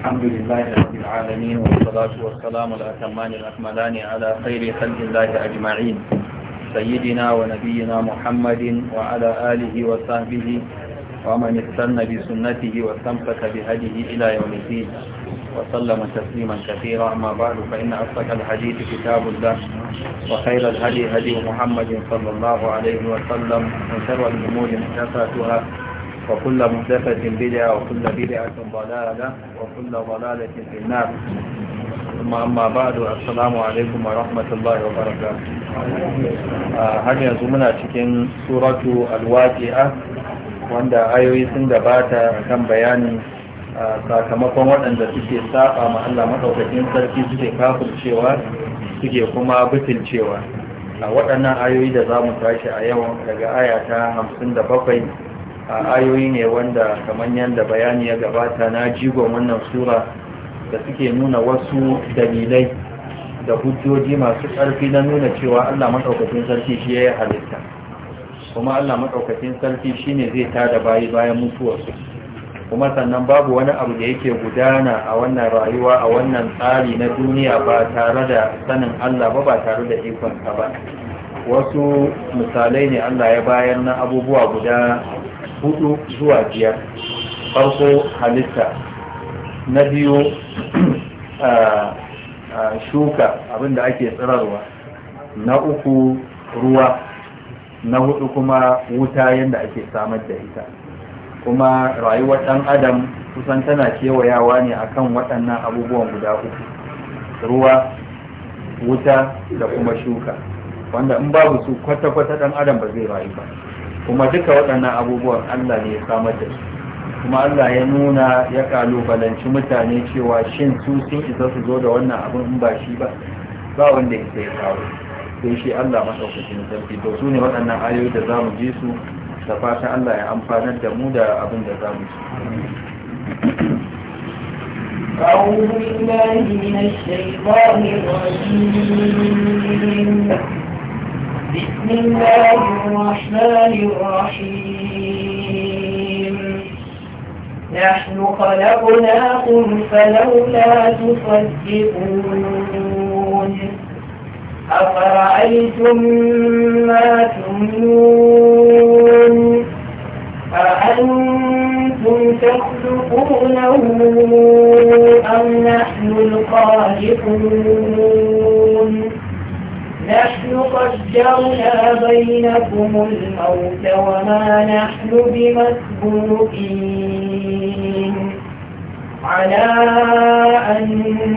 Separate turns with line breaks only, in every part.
الحمد لله رب العالمين والصلاة والسلام الأتمان الأكملان على خير خلق الله أجمعين سيدنا ونبينا محمد وعلى آله وصحبه ومن استنى بسنته واستمسك بهديه إلى يوم الدين وسلم تسليما كثيرا أما بعد فإن أصدق الحديث كتاب الله وخير الهدي هدي محمد صلى الله عليه وسلم وشر الأمور محدثاتها وكل محدثة بدعة وكل بدعة ضلالة وكل ضلالة في النار ثم أما بعد السلام عليكم ورحمة الله وبركاته هل يزمنا cikin suratu alwaqi'a wanda ayoyi sun gabata kan bayanin sakamakon waɗanda suke saba ma Allah madaukakin sarki suke kafircewa suke kuma butulcewa a waɗannan ayoyi da za mu tashi a yau daga aya ta 57 A ayoyi ne wanda kamar yadda bayani ya gabata na jigon wannan sura da suke nuna wasu dalilai da hujjoji masu ƙarfi na nuna cewa Allah maɗaukacin sarki shi ya yi halitta kuma Allah maɗaukacin sarki shi ne zai tada bayi bayan mutuwarsu kuma sannan babu wani abu da yake gudana a wannan rayuwa a wannan tsari na duniya ba tare da sanin Allah ba ba tare da ikonsa ba wasu misalai ne Allah ya bayar na abubuwa guda hudu zuwa biyar farko halitta na biyu shuka abinda ake tsirarwa na uku ruwa na hudu kuma wuta yadda ake samar da ita kuma rayuwar ɗan adam kusan tana kewayawa ne akan waɗannan abubuwan guda uku ruwa wuta da kuma shuka wanda in babu su kwata-kwata ɗan adam ba zai rayu ba kuma duka waɗannan abubuwan Allah ne ya samar da su kuma Allah ya nuna ya kalubalanci mutane cewa shin su sun isa su zo da wannan abin in ba shi ba ba wanda ya sai kawo sai shi Allah masaukacin sarki to su ne waɗannan ayoyi da za mu ji su da fatan Allah ya amfanar da mu da abin da za mu ji
أعوذ بالله من الشيطان الرجيم بسم الله الرحمن الرحيم نحن خلقناكم فلولا تصدقون أفرأيتم ما تمنون أأنتم تخلقونه أم نحن الخالقون نحن قدرنا بينكم الموت وما نحن بمسبوقين على أن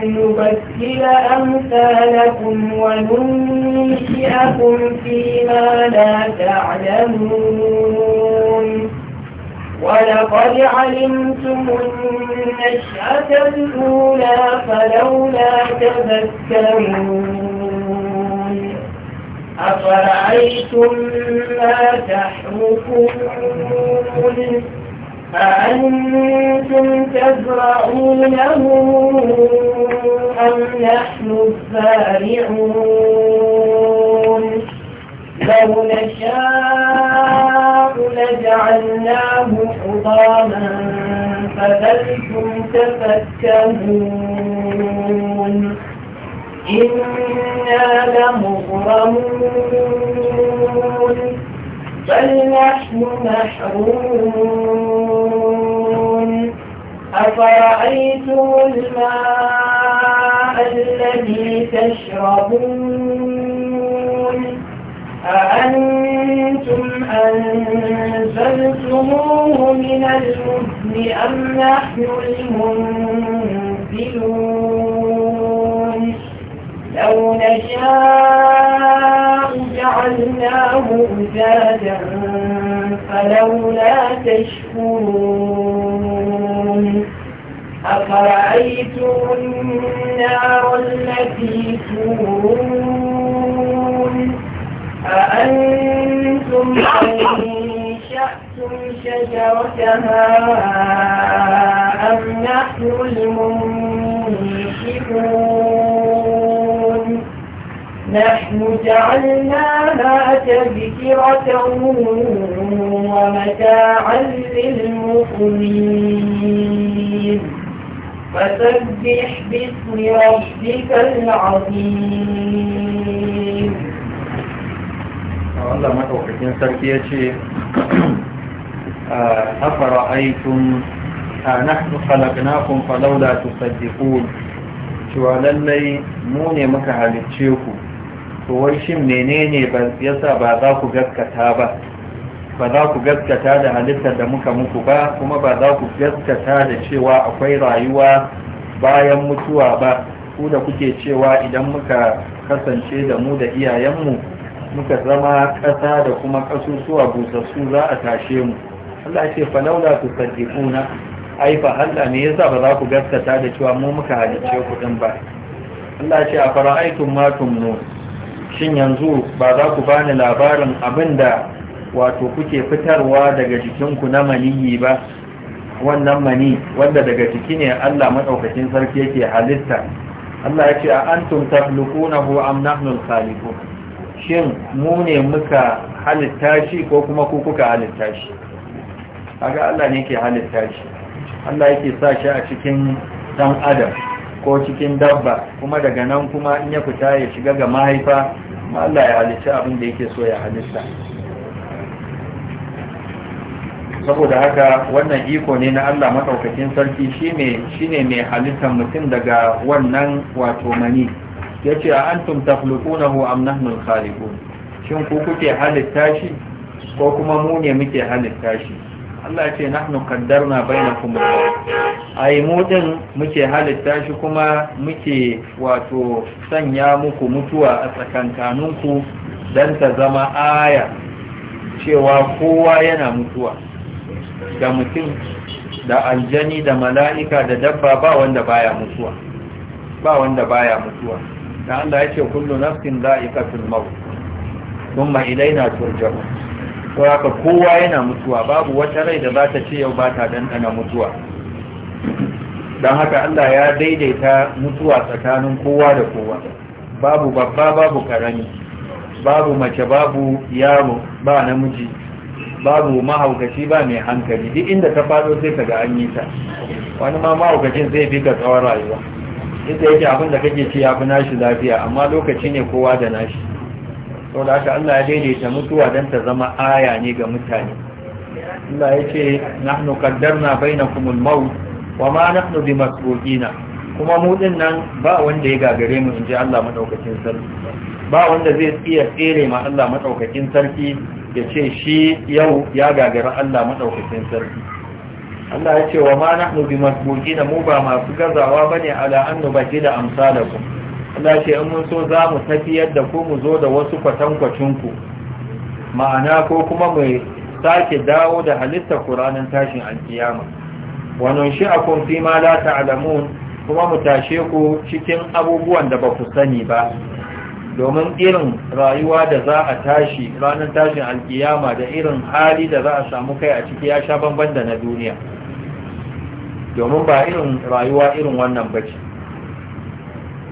نبدل أمثالكم وننشئكم فيما لا تعلمون ولقد علمتم النشأة الأولى فلولا تذكرون أفرأيتم ما تحركون أأنتم تزرعونه أم نحن الزارعون لو نشاء لجعلناه حطاما فذلتم تفكهون إنا لمغرمون بل نحن محرومون أفرأيتم الماء الذي تشربون أأنتم أنزلتموه من المزن أم نحن المنزلون لو نشاء جعلناه أجادا فلولا تشكرون أفرأيتم النار التي تورون أأنتم أنشأتم شجرتها أم نحن المنشئون نحن جعلنا ما تذكرة ومتاعا للمؤمنين فسبح باسم ربك العظيم
الله ما توقفين يا شيء أفرأيتم آه، نحن خلقناكم فلولا تصدقون شوالا لي موني مكهل تشيكم to wai shin menene yasa ba za ku gaskata ba ba za ku gaskata da halittar da muka muku ba kuma ba za ku gaskata da cewa akwai rayuwa bayan mutuwa ba ku da kuke cewa idan muka kasance da mu da iyayenmu muka zama ƙasa da kuma ƙasusuwa busassu za a tashe mu Allah ce falaula ku saddiquna ai fa Allah ne yasa ba za ku gaskata da cewa mu muka halice ku din ba Allah ce a fara'aytum ma tumnun shin yanzu ba za ku bani labarin abin da wato kuke fitarwa daga jikinku na maniyi ba wannan mani wanda daga jiki ne Allah madaukakin sarki yake halitta Allah ya ce a antum takhluqunahu am nahnu al shin mu ne muka halitta shi ko kuma ku kuka halitta shi kaga Allah ne yake halitta shi Allah yake sa shi a cikin dan adam ko cikin dabba kuma daga nan kuma in ya fita ya shiga ga mahaifa Allah ya halitta abin da yake so ya halitta saboda haka wannan iko ne na Allah maɗaukakin sarki shi ne mai halittar mutum daga wannan wato mani ya ce a an tumta fulukunahu amnahnul khaliku shin ku kuke halitta shi ko kuma mu ne muke halitta shi Allah ce nahnu qaddarna bainakum ai mu din muke halitta shi kuma muke wato sanya muku mutuwa a tsakankaninku dan ta zama aya cewa kowa yana mutuwa da mutum da aljani da mala'ika da dabba ba wanda baya mutuwa ba wanda baya mutuwa da Allah ya ce kullu nafsin za'iqatul maut thumma ilayna turja'un saboda kowa yana mutuwa babu wata rai da za ta ce yau ba ta ɗanɗana mutuwa don haka Allah ya daidaita mutuwa tsakanin kowa da kowa babu babba babu karami babu mace babu yaro ba namiji babu mahaukaci ba mai hankali duk inda ta faɗo sai ka ga anyi ta wani ma mahaukacin zai bi ga tsawon rayuwa Inda yake abin da kake ci ya fi nashi lafiya amma lokaci ne kowa da nashi to da haka Allah ya daidaita mutuwa dan ta zama aya ne ga mutane Allah ya ce nahnu qaddarna bainakum al-maut wa ma nahnu bimasbuqina kuma mu din nan ba wanda ya gagare mu inji Allah madaukakin sarki ba wanda zai iya tsere ma Allah madaukakin sarki ya ce shi yau ya gagara Allah madaukakin sarki Allah ya ce wa ma nahnu bimasbuqina mu ba masu gazawa bane ala annu bakida da amsalakum da ce in mun so za mu tafiyar da ku mu zo da wasu kwatankwacinku ma'ana ko kuma mu sake dawo da halittar ƙuranin tashin alkiyama wannan shi a kumfi ma la alamu kuma mu tashe ku cikin abubuwan da ba ku sani ba domin irin rayuwa da za a tashi ranar tashin alkiyama da irin hali da za a samu kai a ciki ya sha bamban da na duniya domin ba irin rayuwa irin wannan bace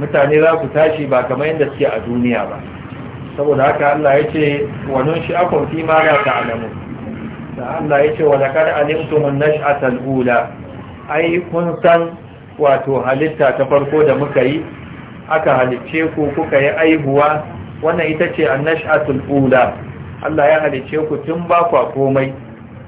mutane za su tashi ba kamar yadda suke a duniya ba saboda haka Allah ya ce wa nunshi a fi ma la alamu da Allah ya ce wa laqad alimtum mun nashata a ula ai kun san wato halitta ta farko da muka yi aka halicce ku kuka yi aihuwa wannan ita ce an a ula Allah ya halicce ku tun ba komai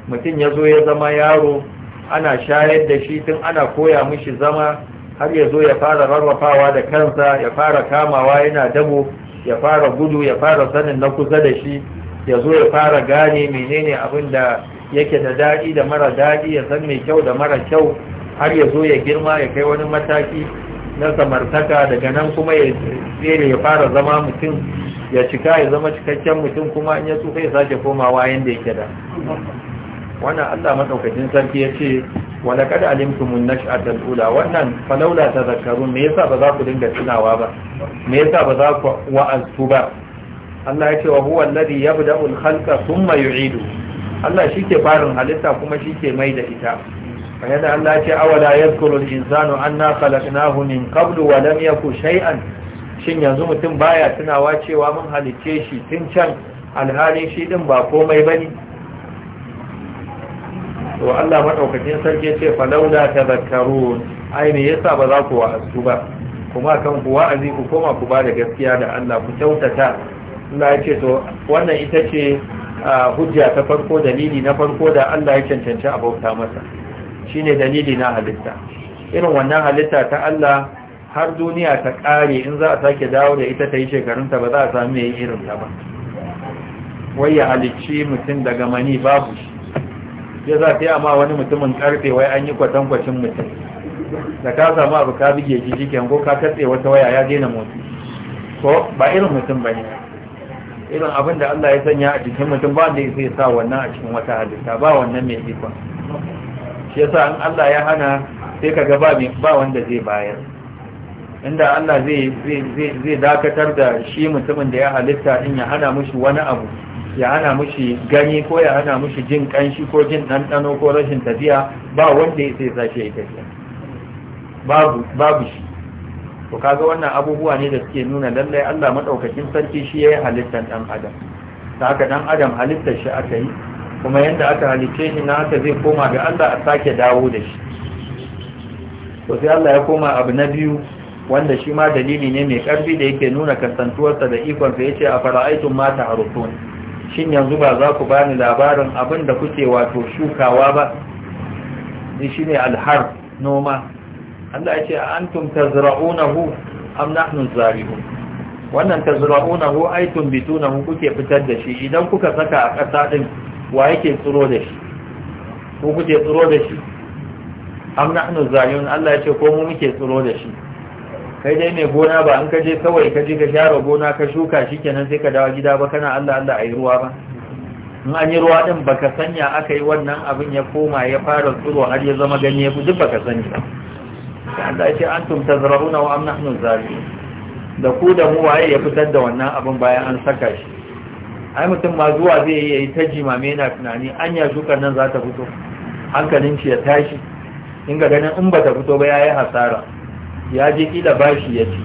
mutum ya zo ya zama yaro ana shayar da shi tun ana koya mishi zama har ya zo ya fara rarrafawa da kansa ya fara kamawa yana dabo ya fara gudu ya fara sanin na kusa da shi ya zo ya fara gane menene abin da yake da daɗi da mara daɗi ya san mai kyau da mara kyau har ya zo ya girma ya kai wani mataki na samartaka daga nan kuma ya tsere ya fara zama mutum ya cika ya zama cikakken mutum kuma in ya tsufa ya sake komawa yadda yake da wannan allah maɗaukacin sarki ya ce wala kada mun nashi a ula wannan falaula tadhakkarun me yasa ba za ku dinga tunawa ba me yasa ba za ku wa'azu ba Allah ya ce wa huwa alladhi yabda'u al-khalqa thumma yu'idu Allah shike farin halitta kuma shike mai da ita kayan Allah ya ce awala yadhkuru al-insanu anna khalaqnahu min qablu wa lam yaku shay'an shin yanzu mutum baya tunawa cewa mun halice shi tun can alhali shi din ba komai bane to Allah madaukakin sarki yace laula tadhakkarun ai me yasa ba za ku wa'azu ba kuma kan ku wa'azi ku koma ku ba da gaskiya da Allah ku kyautata Allah yace to wannan ita ce hujja ta farko dalili na farko da Allah ya cancanci a bauta masa shine dalili na halitta irin wannan halitta ta Allah har duniya ta kare in za a sake dawo da ita ta yi ta ba za a sami mai irin ta ba wai ya halicci mutum daga mani babu shi ya za ta yi amma wani mutumin karfe wai an yi kwatankwacin mutum da ka samu abu ka bige shi shi ko ka katse wata waya ya daina motsi ko ba irin mutum ba ne irin abin da Allah ya sanya a jikin mutum ba da ya sa wannan a cikin wata halitta ba wannan mai ikon shi yasa in Allah ya hana sai ka ga ba wanda zai bayar inda Allah zai dakatar da shi mutumin da ya halitta in ya hana mushi wani abu ya ana mushi gani ko ya hana mushi jin kanshi ko jin ɗanɗano ko rashin tafiya ba wanda ya sai sashi ya tafiya babu babu shi to kaga wannan abubuwa ne da suke nuna lallai Allah madaukakin sarki shi yayi halittar dan adam ta haka dan adam halittar shi aka yi kuma yanda aka halice shi na haka zai koma ga Allah a sake dawo da shi to sai Allah ya koma abu na biyu wanda shi ma dalili ne mai karfi da yake nuna kasantuwarsa da ikon sa yace a mata ma ta'rufun shin yanzu ba za ku bani labarin abin da kuke wato shukawa ba ni shine alhar noma Allah ya ce antum tazra'unahu am nahnu zari'un wannan tazra'unahu ay tunbitunahu kuke fitar da shi idan kuka saka a ƙasa din wa yake tsiro da shi ko kuke tsiro da shi am nahnu zari'un Allah ya ce ko mu muke tsiro da shi kai dai mai gona ba an kaje kawai kaje ka share gona ka shuka shi kenan sai ka dawo gida ba kana Allah Allah a yi ruwa ba in an yi ruwa din baka sanya aka yi wannan abin ya koma ya fara tsiro har ya zama ganye ku duk baka sani ba Allah ya ce antum tazrauna wa am nahnu da ku da mu waye ya fitar da wannan abin bayan an saka shi ai mutum ma zuwa zai yi yayi ta jimame yana tunani anya shukar nan za ta fito hankalin shi ya tashi in ga ganin in ba ta fito ba yayi hasara ya je kila bashi ya ci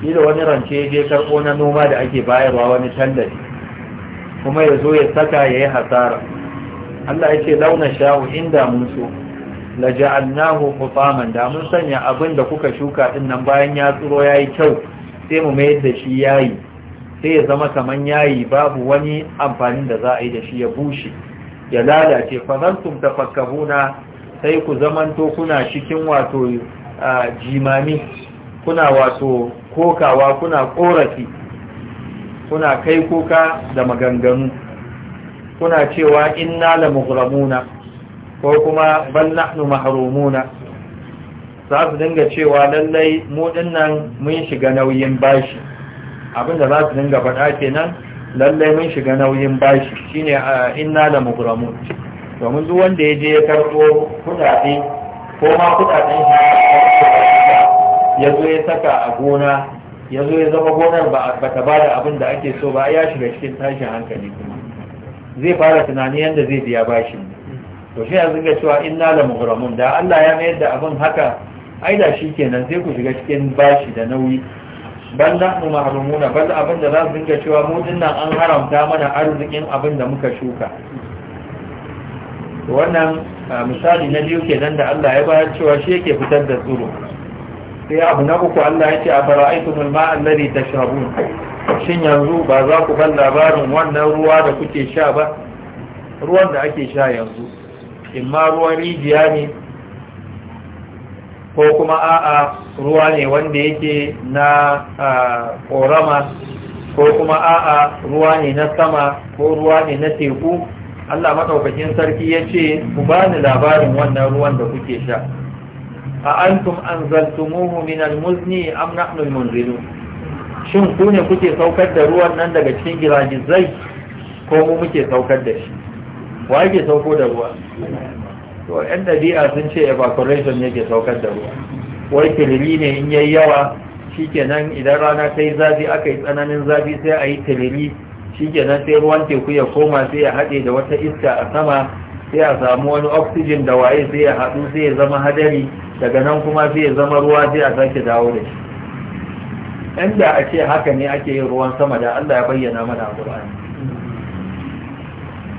kila wani rance ya je karɓo na noma da ake bayarwa wani tallafi kuma ya zo ya saka ya yi hasara Allah ya ce launa sha'u inda mun so la ja'alnahu hutaman da mun sanya abin da kuka shuka din nan bayan ya tsiro ya yi kyau sai mu mayar da shi yayi sai ya zama kaman yayi babu wani amfanin da za a yi da shi ya bushe ya lalace fa zantum tafakkahuna sai ku zamanto kuna cikin wato jimami kuna wato kokawa kuna korafi kuna kai kuka da maganganu kuna cewa inna la muhramuna ko kuma bal nahnu mahrumuna za su dinga cewa lallai mu dinnan mun shiga nauyin bashi abinda za su dinga faɗa kenan lallai mun shiga nauyin bashi shine inna la to domin duk wanda ya je ya karɓo kuɗaɗe ko ma kuɗaɗen shi ya zo ya saka a gona ya zo ya zama gonar ba ta ba da abin da ake so ba ya shiga cikin tashin hankali kuma zai fara tunani yadda zai biya bashi to shi yanzu ga cewa inna la muhramun da Allah ya mayar da abin haka ai da shi kenan sai ku shiga cikin bashi da nauyi da mu mahrumuna da abin da za su dinga cewa mu dinnan an haramta mana arzikin abin da muka shuka wannan misali na biyu kenan da Allah ya bayar cewa shi yake fitar da tsoro sai abu na uku Allah ya ce a fara'aitumul ma'an ta shabu shin yanzu ba za ku ban labarin wannan ruwa da kuke sha ba ruwan da ake sha yanzu in ma ruwan rijiya ne ko kuma a'a ruwa ne wanda yake na korama ko kuma a'a ruwa ne na sama ko ruwa ne na teku Allah madaukakin sarki ya ce ku bani labarin wannan ruwan da kuke sha a antum anzaltumuhu min almuzni am nahnu almunzilun shin ku ne kuke saukar da ruwan nan daga cikin girajizai ko mu muke saukar da shi wa yake sauko da ruwa to yan dabi'a sun ce evaporation ne ke saukar da ruwa wai tiriri ne in yayi yawa shikenan idan rana ta yi zafi aka yi tsananin zafi sai a yi tiriri shi nan sai ruwan teku ya koma sai ya haɗe da wata iska a sama sai a samu wani oxygen da waye sai ya haɗu sai ya zama hadari daga nan kuma sai ya zama ruwa sai a sake dawo da shi inda a ce haka ne ake yin ruwan sama da Allah ya bayyana mana Qur'ani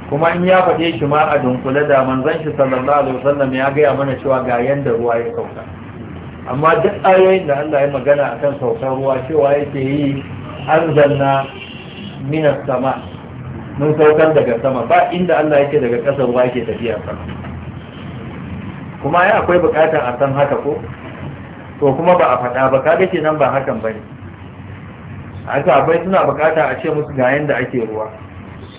kuma in ya faɗe shi ma a dunkule da manzon shi sallallahu alaihi wasallam ya gaya mana cewa ga yanda ruwa ya sauka amma duk ayoyin da Allah ya magana akan saukar ruwa cewa yake yi arzanna Mina sama mun saukar daga sama ba inda Allah yake daga ƙasar ruwa yake tafiya sama kuma ya akwai bukatar a san haka ko to kuma ba a faɗa ba ka kaga nan ba hakan bane haka bai suna bukata a ce musu ga yanda ake ruwa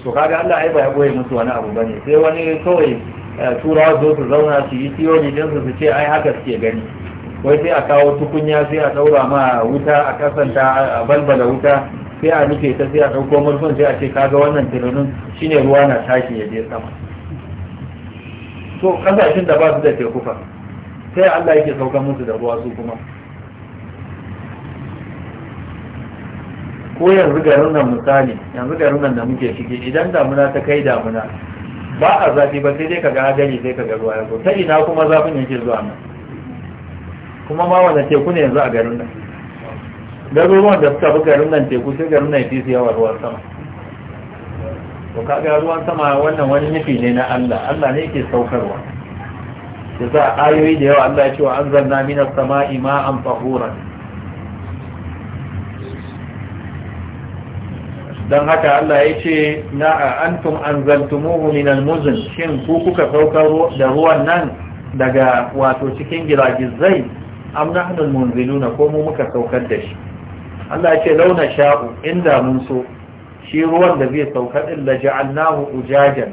to kaga Allah ai ba ya goye musu wani abu bane sai wani kawai eh, turawa zo su zauna su yi tiyoni din su ce ai haka suke gani wai sai a kawo tukunya sai a daura ma wuta a kasanta a balbala wuta sai a nufe ta sai a ɗauko murfin sai a ce kaga wannan tunanin shine ruwa na tashi ya je sama to ƙasashen da ba su da teku fa sai Allah yake sauka musu da ruwa su kuma ko yanzu garin nan misali yanzu garin nan da muke shige idan damuna ta kai damuna ba a zafi ba sai dai kaga hadari sai kaga ruwa ya zo ta ina kuma zafin yake zuwa nan kuma ma wanda teku ne yanzu a garin nan garuruwan da suka buga garin nan teku sai garin nan fi yawa ruwan sama to kaga ruwan sama wannan wani nufi ne na Allah Allah ne yake saukarwa da za ayoyi da yawa Allah ya ce wa anzalna minas sama'i ma'an tahuran dan haka Allah ya ce na antum anzaltumuhu min almuzn shin ku kuka saukar da ruwan nan daga wato cikin giragizai am nahnu almunziluna ko mu muka saukar da shi Allah ya ce launa sha'u inda mun so shi ruwan da zai sauka din la ja'alnahu ujajan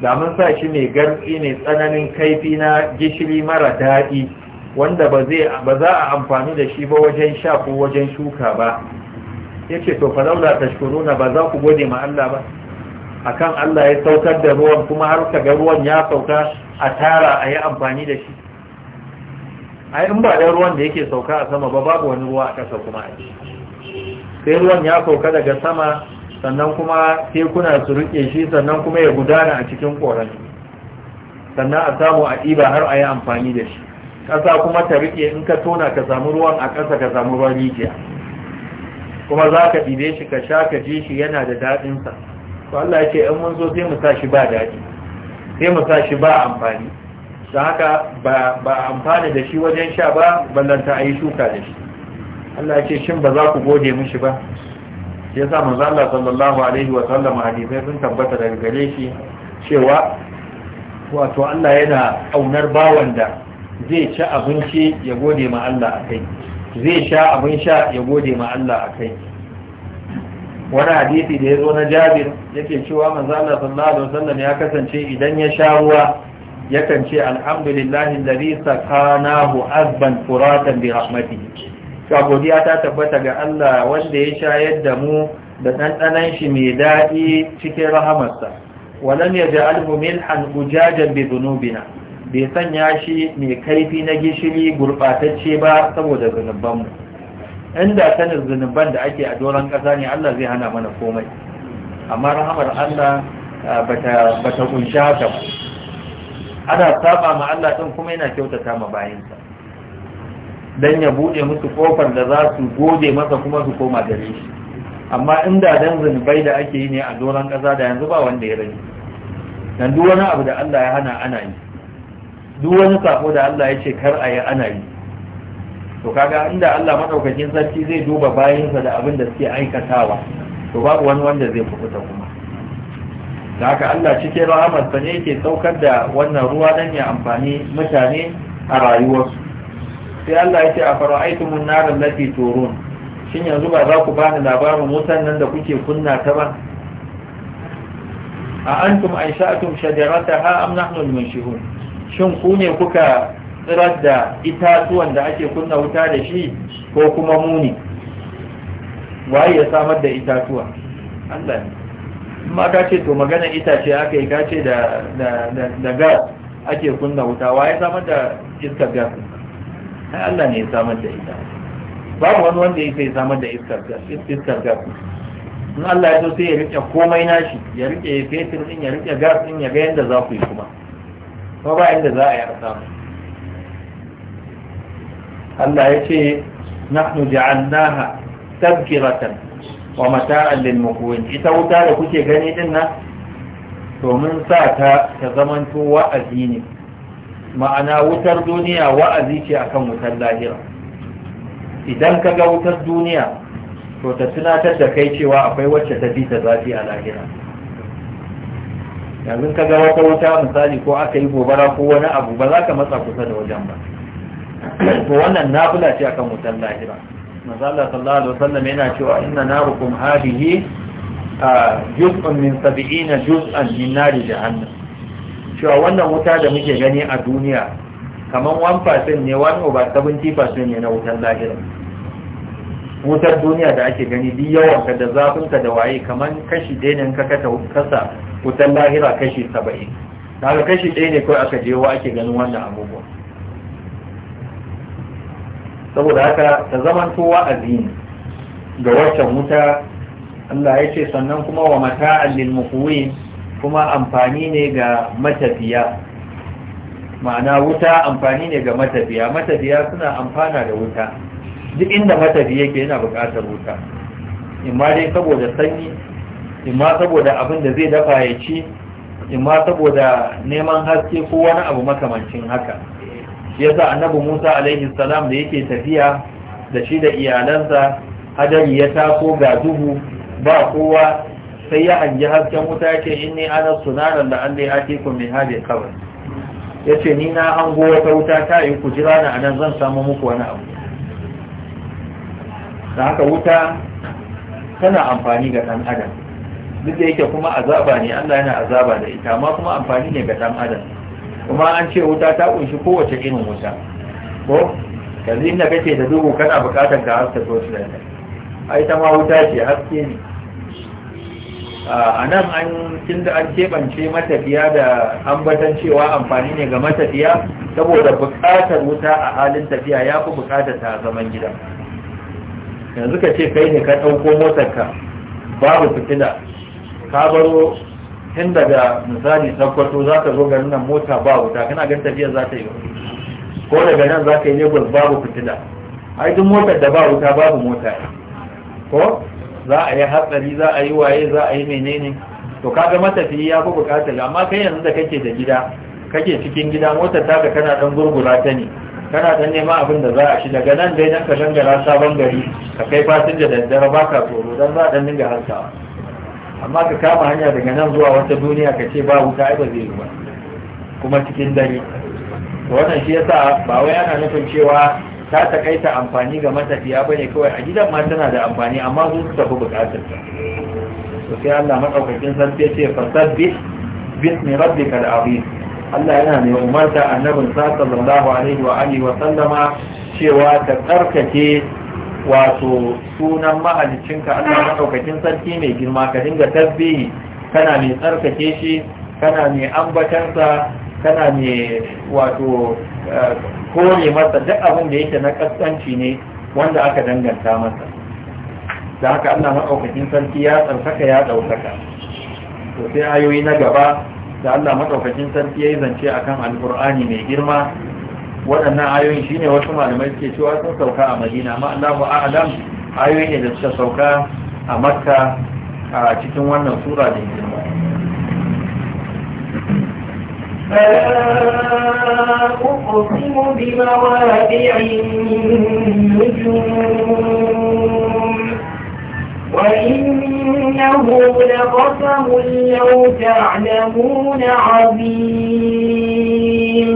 da mun sa shi mai garki ne tsananin kaifi na gishiri mara daɗi wanda ba zai ba za a amfani da shi ba wajen sha ko wajen shuka ba yace to fa laula tashkuruna ba za ku gode ma Allah ba akan Allah ya saukar da ruwan kuma har ka ga ruwan ya sauka a tara a yi amfani da shi ai in ba da ruwan da yake sauka a sama ba babu wani ruwa a ƙasa kuma a ciki sai ruwan ya sauka daga sama sannan kuma tekuna su rike shi sannan kuma ya gudana a cikin koran sannan a samu a ɗiba har a yi amfani da shi ƙasa kuma ta rike in ka tona ka samu ruwan a ƙasa ka samu ruwan rijiya kuma za ka ɗibe shi ka sha ka je shi yana da daɗinsa to Allah ya ce in mun zo sai mu sa shi ba daɗi sai mu sa shi ba amfani don haka ba amfani da shi wajen sha ba ballanta a yi shuka da shi Allah ya ce shin ba za ku gode mishi ba shi yasa manzo Allah sallallahu alaihi wa sallam hadisai sun tabbata daga gare shi cewa wato Allah yana aunar bawan da zai ci abinci ya gode ma Allah akai zai sha abin sha ya gode ma Allah akai wani hadisi da ya zo na Jabir yake cewa manzo Allah sallallahu alaihi wa sallam ya kasance idan ya sha ruwa yakan ce alhamdulillahi alladhi sakanahu azban furatan bi rahmatihi cewa godiya ta tabbata ga Allah wanda ya shayar da mu da ɗanɗanan shi mai daɗi cikin rahamarsa walam ya ji alhumin hankujajen bai zunubina bai sanya shi mai kaifi na gishiri gurɓatacce ba saboda zunubanmu inda sanin zunuban da ake a doron ƙasa ne Allah zai hana mana komai amma rahamar Allah ba ta kunsha haka ba ana saba ma Allah ɗin kuma yana kyautata ma bayansa dan ya bude musu kofar da za su gode masa kuma su koma gare shi amma inda dan zunubai da ake yi ne a doron ƙasa da yanzu ba wanda ya rage dan duk wani abu da Allah ya hana ana yi duk wani sako da Allah ya ce kar a yi ana yi to kaga inda Allah madaukakin sarki zai duba sa da abin da suke aikatawa to babu wani wanda zai fukuta kuma da haka Allah cikin rahamarsa ne yake saukar da wannan ruwa dan ya amfani mutane a rayuwarsu sai Allah ya ce a fara'aitumun narar lafi turun shin yanzu ba za ku bani labarin wutan nan da kuke kunna ta ba a antum ansha'atum shajarataha am nahnu al-munshihun shin ku ne kuka tsirar da itatuwan da ake kunna wuta da shi ko kuma mu ne waye ya samar da itatuwa Allah ne amma ka ce to magana itace aka yi ka ce da da gas ake kunna wuta waye samar da iskar gas ai Allah ne ya samar da ita babu wani wanda ya sai samar da iskar gas in Allah ya zo sai ya rike komai nashi ya rike fetur din ya rike gas din ya ga yadda za ku yi kuma ko ba inda za a yi a Allah ya ce nahnu ja'alnaha tabkiratan wa mata'an lil muqwin ita wuta da kuke gani din nan to sa ta ta zamanto wa'azi ne ma'ana wutar duniya wa'azi ce akan wutar lahira idan ka ga wutar duniya to ta tunatar da kai cewa akwai wacce ta fi ta zafi a lahira yanzu ka ga wata wuta misali ko aka yi gobara ko wani abu ba za ka matsa kusa da wajen ba to wannan nafila ce akan wutar lahira masala sallallahu alaihi wasallam yana cewa inna narukum hadihi juz'un min sab'ina juz'an min nari jahannam cewa wannan wuta da muke gani a duniya kamar 1% ne 1 over 70% ne na wutar lahira wutar duniya da ake gani yawan ka da zafinka da waye kamar kashi ɗaya ne ka kasa wutar lahira kashi 70 daga kashi ɗaya ne kawai aka jewa ake ganin wannan abubuwa saboda haka ta zamanto a ne ga waccan wuta Allah ya ce sannan kuma wa mata'an lil muqwin kuma amfani ne ga matafiya ma'ana wuta amfani ne ga matafiya matafiya suna amfana da wuta duk inda matafiya yake yana buƙatar wuta imma dai saboda sanyi imma saboda abin da zai dafa ya ci imma saboda neman haske ko wani abu makamancin haka yasa annabi Musa alaihi salam da yake tafiya da shi da iyalansa hadari ya tako ga duhu ba kowa sai ya hangi hasken wuta yake inni ana sunaran da Allah ya ake ku min kawai. Ya ce ni na an goya wata wuta ta yi ku jira na anan zan samu muku wani abu da haka wuta tana amfani ga dan adam duk da yake kuma azaba ne Allah yana azaba da ita amma kuma amfani ne ga dan adam kuma an ce wuta ta kunshi kowace irin wuta ko yanzu inda kake da duhu kana bukatar ka haska tosila ai ta ma wuta ce haske ne a nan an da an keɓance matafiya da ambatan cewa amfani ne ga matafiya saboda buƙatar wuta a halin tafiya ya fi buƙatar ta zaman gida yanzu ka ce kai ne ka ɗauko motarka babu fitila ka baro tun daga misali sakwato za ka zo garin nan mota ba wuta kana gan tafiyar za ta yi ko daga nan za ka yi lagos babu fitila ai duk motar da ba wuta babu mota ko za a yi hatsari za a yi waye za a yi menene to kaga matafiyi ya fi bukatar amma kai yanzu da kake da gida kake cikin gida motar taka kana dan gurgura ta ne kana dan nema abin da za a shi daga nan dai dan ka gangara sabon gari ka kai fasinja da daddare baka tsoro dan za a dan dinga amma ka kama hanya daga nan zuwa wata duniya ka ce ba wuta ai ba zai ba kuma cikin dare to wannan shi yasa ba wai ana nufin cewa ta takaita amfani ga matafiya bane kawai a gidan ma tana da amfani amma su tafi bukatar ta to sai Allah madaukakin sarki ya ce fasabbih bismi rabbikal azim Allah yana ne umarta annabin sallallahu alaihi wa alihi wa sallama cewa ta tsarkake wato sunan mahaliccinka Allah madaukakin sarki mai girma ka dinga tasbihi kana mai tsarkake shi kana mai ambatansa kana mai wato eh, kore masa duk abin da yake na kaskanci ne wanda aka danganta masa da haka Allah maɗaukakin sarki ya tsarkaka ya ɗaukaka to sai ayoyi na gaba da Allah maɗaukakin sarki ya yi zance akan alkur'ani mai girma waɗannan ayoyin shine wasu malamai suke cewa sun sauka a madina amma Allahu a'lam ayoyi ne da suka sauka a makka a cikin wannan sura da girma
فلا أقسم بمواقع النجوم وإنه لقسم لو تعلمون عظيم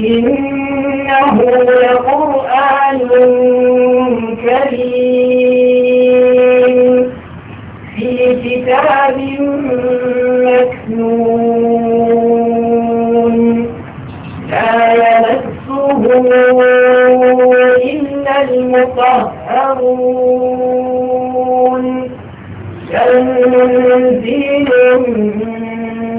إنه لقرآن كريم في كتاب مكنون مطهرون تنزيل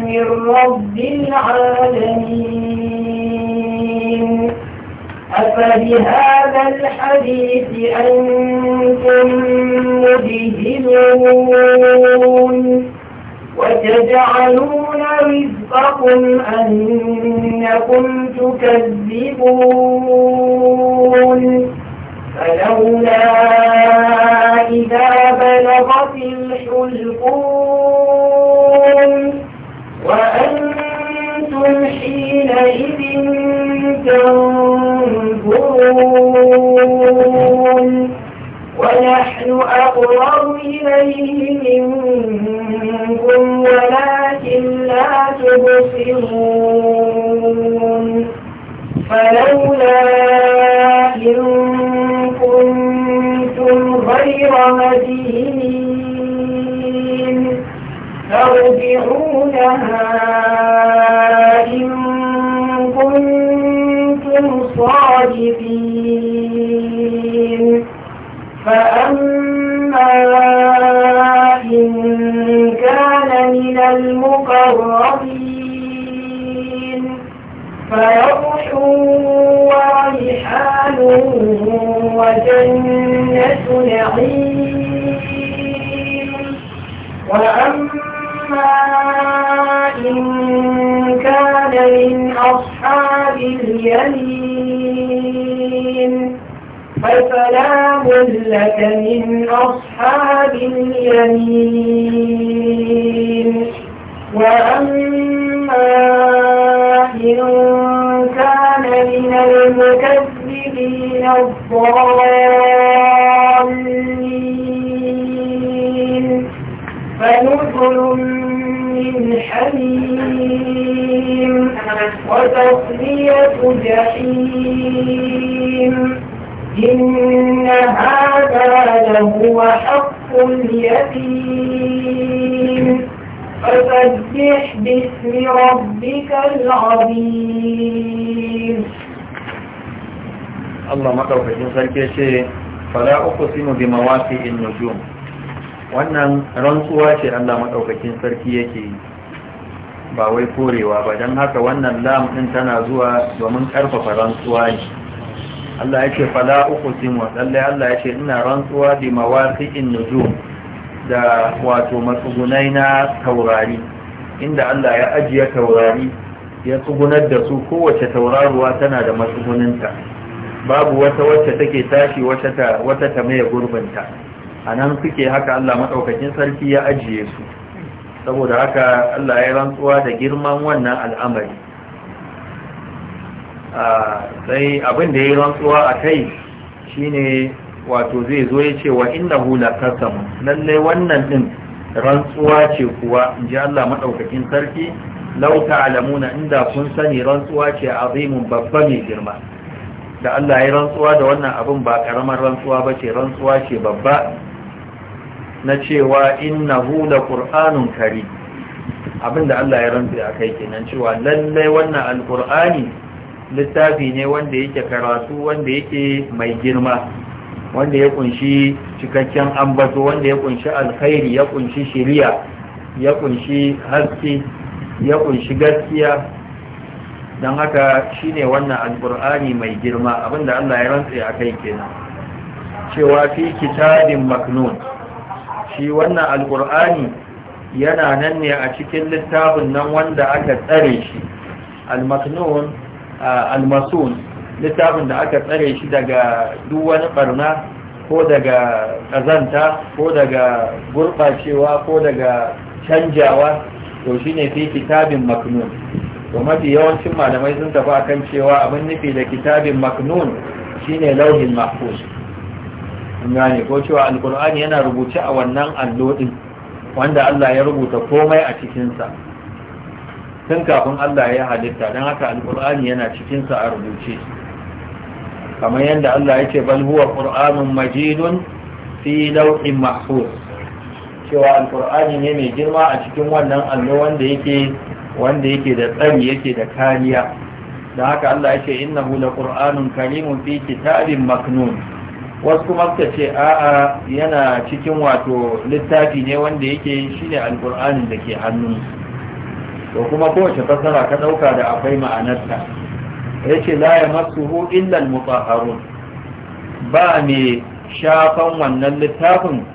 من رب العالمين أفبهذا الحديث أنتم مدهنون وتجعلون رزقكم أنكم تكذبون فلولا إذا بلغت الحلقون وأنتم حينئذ تنظرون ونحن أقرب إليه منكم ولكن لا تبصرون فلولا غير مدين ترجعونها إن كنتم صادقين فأما إن كان من المقربين فيرحوا ورحاله وجنة وأما إن كان من أصحاب اليمين فسلام لك من أصحاب اليمين وأما إن كان من المكذبين من الضالين فنزل من حميم وتصلية جحيم إن هذا لهو حق اليقين فسبح باسم ربك العظيم
Allah madaukakin sarki ce fala uqsimu bi mawaqi'in nujum wannan rantsuwa ce Allah madaukakin sarki yake yi ba wai korewa ba don haka wannan lam din tana zuwa domin karfafa rantsuwa ne Allah yake fala uqsimu lalle Allah yake ina rantsuwa bi mawaqi'in nujum da wato matsugunai na taurari inda Allah ya ajiye taurari ya tsugunar da su kowace tauraruwa tana da matsuguninta babu wata wacce take tashi wata ta maye gurbinta a nan suke haka Allah maɗaukakin sarki ya ajiye su saboda haka Allah ya rantsuwa da girman wannan al'amari sai abin da ya rantsuwa a kai shine wato zai zo ya ce wa inda hula kasamu lallai wannan ɗin rantsuwa ce kuwa in ji Allah maɗaukakin sarki lauta alamuna, inda kun sani rantsuwa ce azimin babba mai girma da Allah ya rantsuwa da wannan abin ba karamar rantsuwa ba ce rantsuwa ce babba na cewa inna hula Kur'anun kari abinda Allah ya rantsu a kai kenan cewa lallai wannan Alkur'ani, littafi ne wanda yake karatu wanda yake mai girma wanda ya kunshi cikakken ambato wanda ya kunshi alkhairi ya kunshi shiriya ya kunshi haske ya kunshi gaskiya don haka shine wannan alkur'ani mai girma abinda Allah ya rantse a kai kenan cewa fi kitabin maknun shi wannan alkur'ani yana nan ne a cikin littafin nan wanda aka tsare shi Almaknun, almasun, littafin da aka tsare shi daga duk wani barna ko daga ƙazanta, ko daga gurɓacewa, ko daga canjawa to shine fi kitabin maknun to mafi yawancin malamai sun tafi a kan cewa abin nufi da kitabin maknun shine lauhin mahfuz ne ko cewa alkur'ani yana rubuce a wannan allo din wanda Allah ya rubuta komai a cikinsa tun kafin Allah ya halitta don haka alkur'ani yana cikinsa a rubuce kamar yadda Allah ya ce bal huwa qur'anun majidun fi lauhin mahfuz cewa alkur'ani ne mai girma a cikin wannan allo wanda yake wanda yake da tsari yake da kariya da haka Allah ya ce innahu laqur'anun karimun fi kitabin maknun wasu kuma suka ce a'a yana cikin wato littafi ne wanda yake shine alqur'anin da ke hannu to kuma kowace fasara ka dauka da akwai ma'anarta yace la yamassuhu illa almutahharun ba me shafan wannan littafin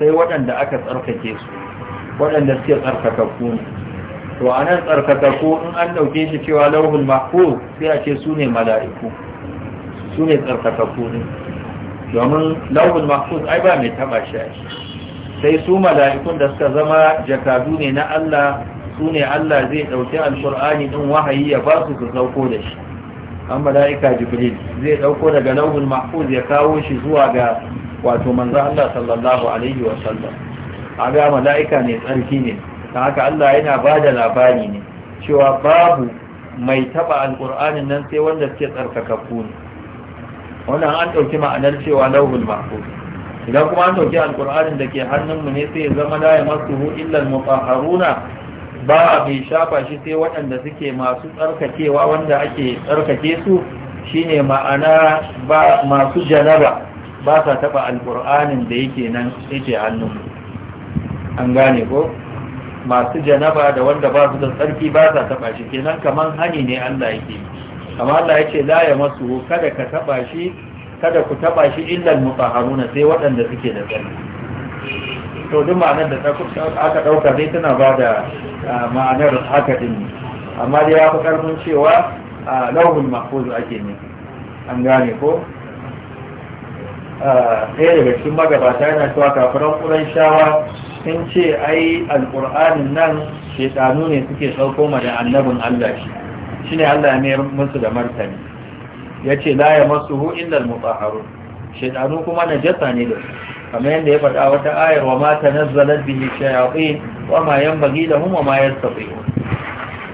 sai waɗanda aka tsarkake su waɗanda suke tsarkakakku ne to a nan tsarkakakku in an ɗauke shi cewa lauhul mahfuz sai a ce su ne mala'iku su ne tsarkakakku ne domin lauhul mahfuz ai ba mai taba shi sai su mala'ikun da suka zama jakadu ne na Allah su ne Allah zai ɗauke alkur'ani ɗin wahayi ya ba su su sauko da shi an mala'ika jibril zai ɗauko daga lauhul mahfuz ya kawo shi zuwa ga wato manzo Allah sallallahu alaihi wa sallam a ga mala'ika ne tsarki ne don haka Allah yana ba da labari ne cewa babu mai taba alƙur'anin nan sai wanda suke tsarkakakku ne wannan an ɗauki ma'anar cewa lauhul mahfuz idan kuma an ɗauki alƙur'anin da ke hannun mu ne sai ya zama la yamassuhu illa al-mutahharuna ba a bai shafa shi sai waɗanda suke masu tsarkakewa wanda ake tsarkake su shine ma'ana ba masu janaba ba sa taba alƙur'anin da yake nan yake hannunmu an gane ko masu janaba da wanda ba su da tsarki ba sa taba shi kenan kaman hani ne Allah yake amma Allah yace la ya masu kada ka taba shi kada ku taba shi illa mu mutahharuna sai waɗanda suke da tsarki to duk ma'anar da aka dauka zai tana da ma'anar haka din amma dai ya fi karfin cewa lauhul mahfuz ake ne an gane ko ɗaya daga cikin magabata yana cewa kafiran ƙuran shawa sun ce ai alƙur'anin nan shaitanu ne suke sauko ma da annabin Allah shi shine Allah ya mayar musu da martani yace la ya masuhu illa al-mutahharun shaitanu kuma najasa ne da kamar yadda ya faɗa wata ayar wa na tanazzalat bihi shayatin wa ma yanbaghi lahum wa ma yastati'un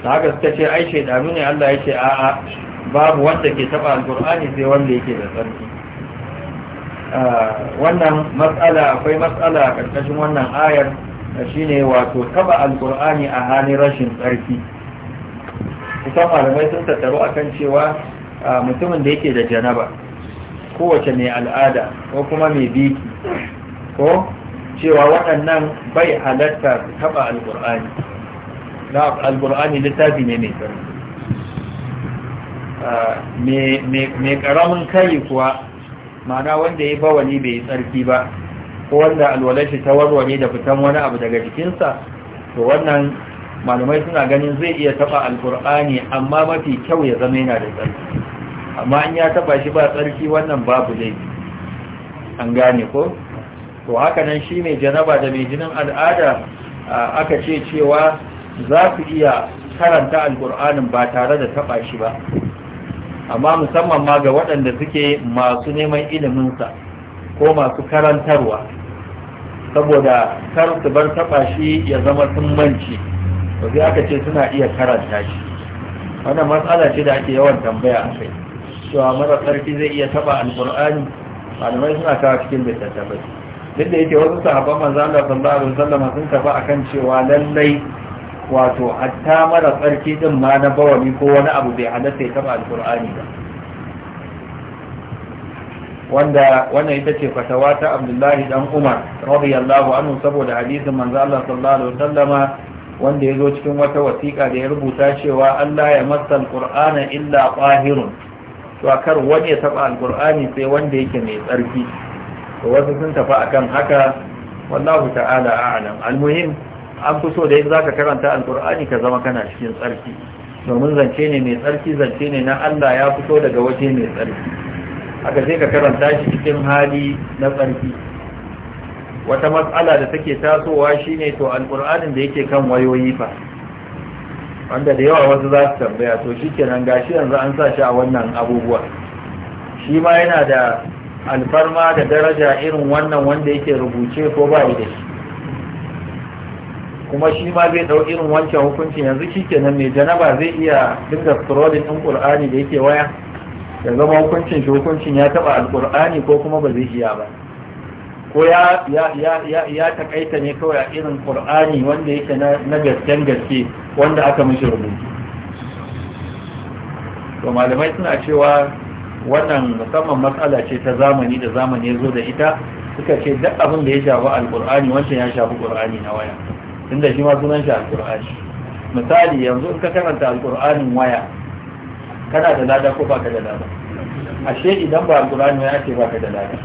haka suka ce ai shaitanu ne Allah ya ce a'a babu wanda ke taɓa alƙur'ani sai wanda yake da tsarki wannan matsala akwai matsala a ƙarƙashin wannan ayar shine wato taba alkur'ani a halin rashin tsarki kusan malamai sun tattaro akan cewa mutumin da yake da janaba kowace mai al'ada ko kuma mai biki ko cewa waɗannan bai halatta taba alkur'ani na alkur'ani littafi ne mai tsarki mai ƙaramin kai kuwa ma'ana wanda ya bawani bai tsarki ba ko wanda alwalar ta warware da fitan wani abu daga jikinsa to wannan malamai suna ganin zai iya taba alkur'ani amma mafi kyau ya zama yana da tsarki amma in ya taba shi ba tsarki wannan babu laifi an gane ko to haka nan shi mai janaba da mai jinin al'ada aka ce cewa za ku iya karanta alkur'anin ba tare da taba shi ba amma musamman ma ga waɗanda suke masu neman iliminsa ko masu karantarwa saboda kar su bar taɓa shi ya zama sun manci to sai aka ce suna iya karanta shi wannan matsala ce da ake yawan tambaya a kai cewa mara sarki zai iya taɓa alƙur'ani malamai suna kawo cikin littattafai duk da yake wasu sahabban manzo Allah sallallahu alaihi wasallam sun tafi akan cewa lallai wato hatta mara tsarki din ma na bawani ko wani abu bai halatta ya taba alkur'ani ba wanda wannan ita ce fatawa ta abdullahi dan umar radiyallahu anhu saboda hadisin manzo Allah sallallahu alaihi wanda ya zo cikin wata wasiƙa da ya rubuta cewa Allah ya masa alkur'ana illa qahirun to kar wani ya taba alkur'ani sai wanda yake mai tsarki to wasu sun tafi akan haka wallahu ta'ala a'lam almuhim an fi so da yin ka karanta alkur'ani ka zama kana cikin tsarki domin zance ne mai tsarki zance ne na Allah ya fito daga waje mai tsarki haka sai ka karanta shi cikin hali na tsarki wata matsala da take tasowa shi ne to alkur'anin da yake kan wayoyi fa wanda da yawa wasu za su tambaya to shi kenan gashi yanzu an sa shi a wannan abubuwa shi ma yana da alfarma da daraja irin wannan wanda yake rubuce ko ba da shi kuma shi ma zai dau irin wancan hukuncin yanzu kenan mai janaba zai iya dinga scrolling din Qur'ani da yake waya ya zama hukuncin shi hukuncin ya taba alqur'ani ko kuma ba zai iya ba ko ya ya ya takaita ne kawai a irin qur'ani wanda yake na na gasken gaske wanda aka mishi rubutu to malamai suna cewa wannan musamman matsala ce ta zamani da zamani ya zo da ita suka ce duk abin da ya shafi alqur'ani wancan ya shafi qur'ani na waya inda shi ma sunan shi alqur'ani misali yanzu in ka karanta alqur'anin waya kana da lada ko baka da lada ashe idan ba alqur'ani waya ce baka da lada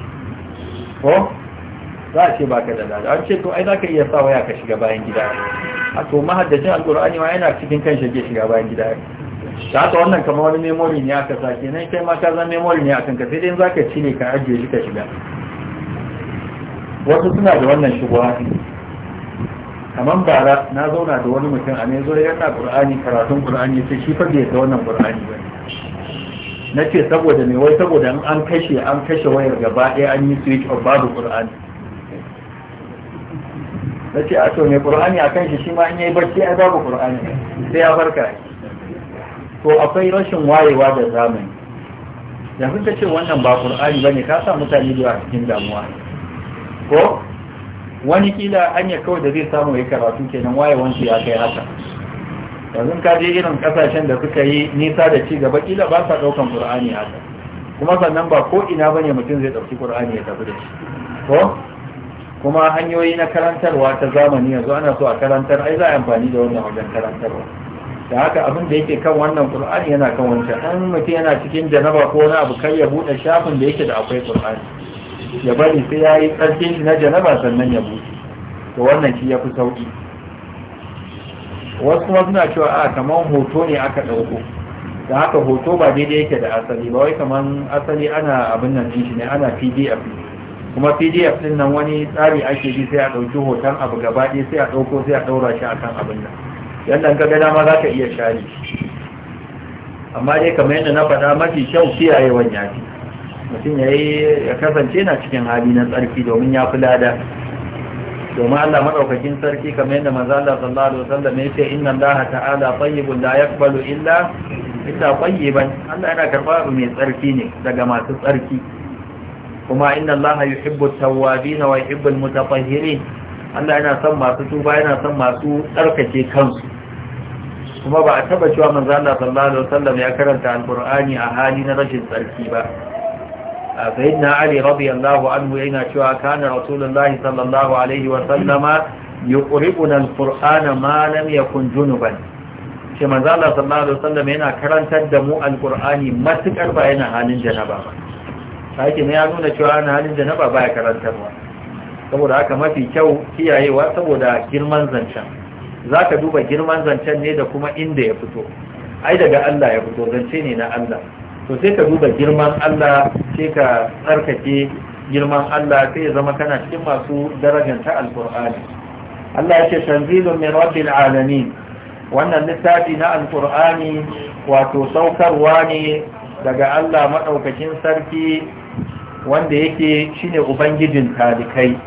ko za a ce baka da lada an ce to ai zaka iya sa waya ka shiga bayan gida a to mahaddacin alqur'ani ma yana cikin kan shi shiga bayan gida ta haka wannan kamar wani memory ne aka sake nan kai ma ka zan memory ne akan ka sai dai zaka cire ka ajiye shi ka shiga wasu suna da wannan shubuha kamar bara na zauna da wani mutum a ne zo yana ƙur'ani karatun ƙur'ani, sai shi fa bai da wannan ƙur'ani ba na ce saboda me wai saboda an kashe an kashe wayar gaba ɗaya an yi switch of babu ƙur'ani. na ce a to ƙur'ani a kan shi shi ma in yi bacci ai babu ƙur'ani, sai ya farka to akwai rashin wayewa da zamani yanzu ka ce wannan ba ƙur'ani ba ne ka sa mutane a cikin damuwa ko wani kila hanyar kawai da zai samu ya karatu kenan wayewansu ya kai haka yanzu ka je irin kasashen da suka yi nisa da ci gaba kila ba sa daukan qur'ani haka kuma sannan ba ko ina bane mutum zai dauki qur'ani ya tafi da shi ko kuma hanyoyi na karantarwa ta zamani yanzu ana so a karantar ai za a amfani da wannan wajen karantarwa da haka abin da yake kan wannan qur'ani yana kan wancan an mutum yana cikin janaba ko wani abu kar ya bude shafin da yake da akwai qur'ani ya bari sai ya yi tsarkin na janaba sannan ya buɗe to wannan shi ya fi sauƙi wasu kuma suna cewa a kamar hoto ne aka ɗauko da haka hoto ba daidai yake da asali ba wai kamar asali ana abin nan ɗin shi ne ana pdf kuma pdf ɗin nan wani tsari ake bi sai a ɗauki hoton abu gaba ɗaya sai a ɗauko sai a ɗaura shi akan abin nan yadda ka ga dama za ka iya share amma dai kamar yadda na faɗa mafi kyau kiyayewan ya fi mutum ya kasance na cikin hali na tsarki domin ya fi lada domin Allah maɗaukakin sarki kamar yadda maza Allah sallallahu alaihi wasallam yace inna Allah ta'ala tayyibun la yaqbalu illa illa tayyiban Allah yana karba abu mai tsarki ne daga masu tsarki kuma inna Allah yuhibbu at-tawwabin wa yuhibbu al-mutatahhirin Allah yana son masu tuba yana son masu tsarkake kansu kuma ba a taba cewa manzo Allah sallallahu alaihi wasallam ya karanta al a hali na rashin tsarki ba sayyidina ali radiyallahu anhu yana cewa kana rasulullahi sallallahu alaihi wa sallama yuqribuna alqur'ana ma lam yakun junuban shi manzo Allah sallallahu alaihi yana karantar da mu alqur'ani matukar ba yana halin janaba ba ya nuna cewa ana halin janaba ba ya karantarwa saboda haka mafi kyau kiyayewa saboda girman zancen za ka duba girman zancen ne da kuma inda ya fito ai daga Allah ya fito zance ne na Allah to sai ka duba girman Allah sai ka tsarkake girman Allah sai ya zama kana cikin masu darajanta alkur'ani Allah ya ce tanzilun min rabbil alamin wannan littafi na alkur'ani wato saukarwa ne daga Allah madaukakin sarki wanda yake shine ubangijin talikai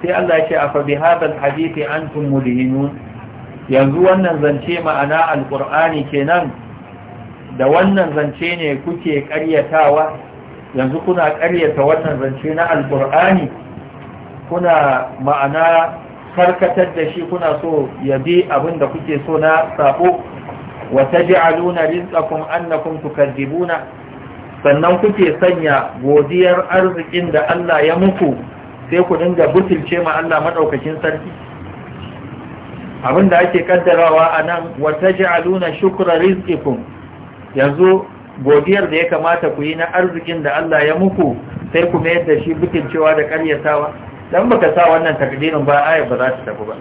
sai Allah ya ce afa bi hadal hadithi antum mudhinun yanzu wannan zance ma'ana alkur'ani kenan da wannan zance ne kuke ƙaryatawa yanzu kuna ƙaryata wannan zance na Alkur'ani? kuna ma'ana karkatar da shi kuna so ya bi abin da kuke so na sabo wa taj'aluna rizqakum annakum tukadzibuna sannan kuke sanya godiyar arzikin da Allah ya muku sai ku dinga butulce ma Allah madaukakin sarki abin da ake kaddarawa anan wa taj'aluna shukra rizqikum yanzu godiyar da ya kamata ku yi na arzikin da Allah ya muku sai ku mayar da shi cewa da karyatawa dan baka sa wannan takdirin ba ayat ba za ta tafi ba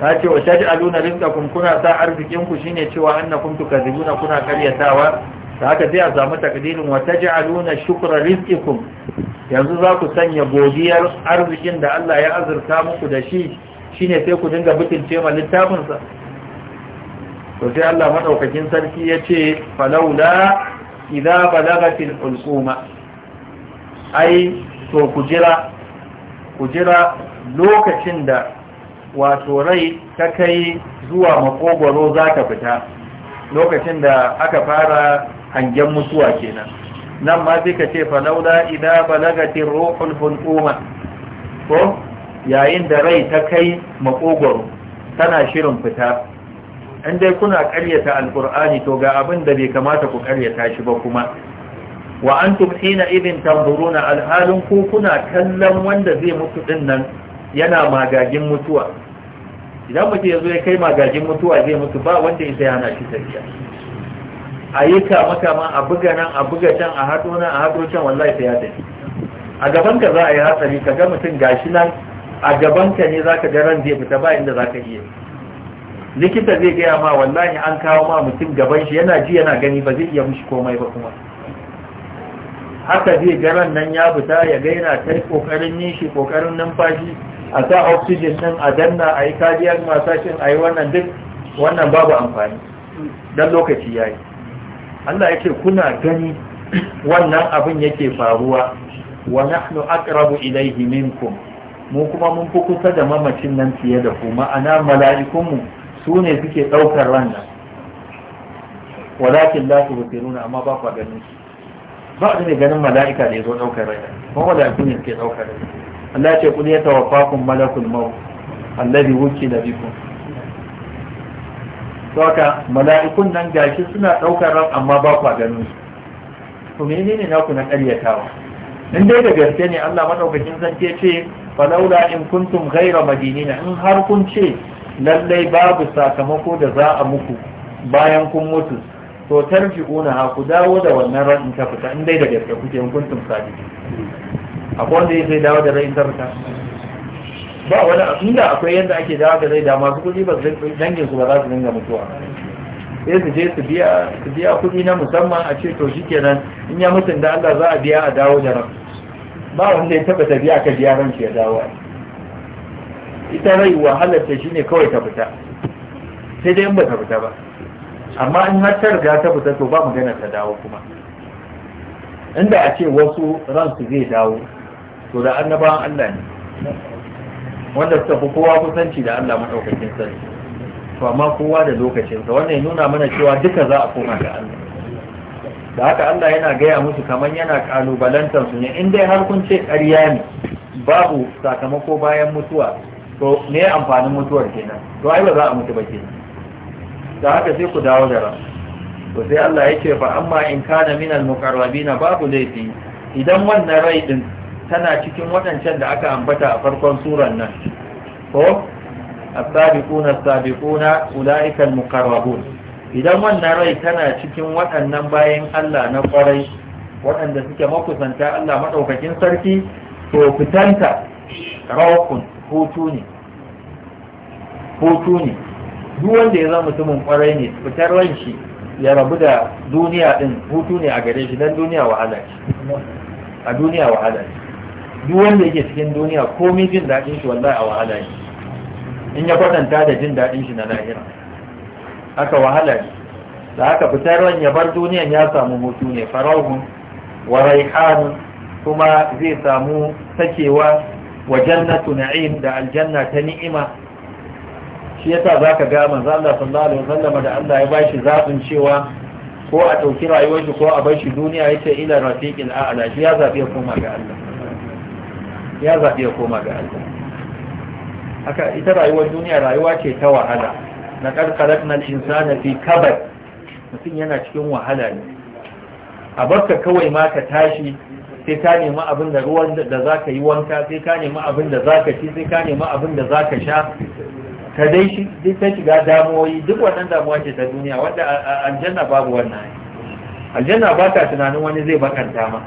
ta ce wa taj'aluna rizqakum kuna sa arzikin ku shine cewa annakum tukazibuna kuna karyatawa da haka sai a samu takdirin wa taj'aluna shukra rizqikum yanzu za ku sanya godiyar arzikin da Allah ya azurta muku da shi shine sai ku dinga bitince ma littafin sa to sai Allah madaukakin sarki yace falaula idza balagatil ulquma ai to kujira jira lokacin da wato rai ta kai zuwa maƙogwaro za ta fita lokacin da aka fara hangen mutuwa kenan nan ma sai ka ce falaula idza balagatil ruhul ulquma ko yayin da rai ta kai maƙogwaro tana shirin fita in dai kuna ƙaryata alkur'ani to ga abin da bai kamata ku ƙaryata shi ba kuma wa antum hina idin tamburuna alhalin ku kuna kallon wanda zai mutu din nan yana magagin mutuwa idan mutum ya zo ya kai magagin mutuwa zai mutu ba wanda ya sai hana shi tafiya a yi kama kama a buga nan a buga can a haɗo nan a haɗo can wallahi sai ya tafi a gaban ka za a yi hatsari ka ga mutum gashi nan a gaban ka ne za ka ga ran zai fita ba inda za ka iya likita zai gaya ma wallahi an kawo ma mutum gaban shi yana ji yana gani ba zai iya mishi komai ba kuma haka zai garan nan ya fita ya ga yana ta kokarin nishi kokarin numfashi a sa oxygen nan a danna a yi cardiac massage a yi wannan duk wannan babu amfani dan lokaci yayi Allah yake kuna gani wannan abin yake faruwa wa nahnu aqrabu ilayhi minkum mu kuma mun fi kusa da mamacin nan fiye da ku ma'ana mala'ikunmu su ne suke ɗaukar ranar walakin la su bafi nuna amma ba kwa ganin
su
ba su ne ganin mala'ika da ya zo ɗaukar ranar kuma mala'iku ne suke ɗaukar ranar Allah ce kudi ya tawaffakun malakul bi wuce da biku to haka mala'ikun nan gashi suna ɗaukar ran amma ba kwa ganin su to menene naku na ƙaryatawa in dai da gaske ne Allah madaukakin zance ce falaula in kuntum ghaira madinina in har kun ce lallai babu sakamako da za a muku bayan kun mutu to una ha ku dawo da wannan ran in ta fita in dai da gaske kuke in kuntum sadi. akwai wanda yake dawo da rai in ta fita ba wani inda akwai yadda ake dawo da rai da masu kuɗi ba dangin su ba za su dinga mutuwa sai su je su biya su biya kuɗi na musamman a ce to shikenan in ya mutun da Allah za a biya a dawo da ran ba wanda ya taba biya ka biya ran shi ya dawo a ita rai wahalar ta shine kawai ta fita sai dai in ba ta fita ba amma in har ta riga ta fita to ba magana ta dawo kuma inda a ce wasu ransu zai dawo to da annabawan Allah ne wanda suka fi kowa kusanci da Allah madaukakin sarki to amma kowa da lokacinsa wannan ya nuna mana cewa duka za a koma ga Allah da haka Allah yana gaya musu kamar yana kalubalantar su ne in dai har kun ce ƙarya ne babu sakamako bayan mutuwa to me amfanin mutuwar kenan to ai ba za a mutu ba kenan da haka sai ku dawo da ran to sai Allah ya ce fa amma in kana al muqarrabina babu laifi idan wannan rai din tana cikin waɗancan da aka ambata a farkon surar nan ko as-sabiquna as-sabiquna ulaika al-muqarrabun idan wannan rai tana cikin waɗannan bayan Allah na kwarai waɗanda suke makusanta Allah madaukakin sarki to fitanta rawqun hutu ne hutu ne duk wanda ya zama mutumin kwarai ne fitar ran shi ya rabu da duniya din hutu ne a gare shi dan duniya wahala ce a duniya wahala ce duk wanda yake cikin duniya komai jin daɗin shi wallahi a wahala ne in ya kwatanta da jin daɗin shi na lahira haka wahala ne da haka fitar ran ya bar duniya ya samu hutu ne farahun wa raihan kuma zai samu sakewa wa jannatu na'im da aljanna ta ni'ima shi yasa zaka ga manzo Allah sallallahu alaihi wasallam da Allah ya bashi zabin cewa ko a dauki rayuwar shi ko a bar shi duniya yace ila rafiqil a'la shi ya zabe koma ga Allah ya zabe koma ga Allah haka ita rayuwar duniya rayuwa ce ta wahala na karkaratna al-insana fi kabad. mutum yana cikin wahala ne a barka kawai ma ka tashi sai ka nemi abin da ruwan da za ka yi wanka sai ka nemi abin da za ka ci sai ka nemi abin da za ka sha ka dai shi duk ta shiga damuwoyi duk wannan damuwa ce ta duniya wanda aljanna babu wannan aljanna ba ta tunanin wani zai bakanta ma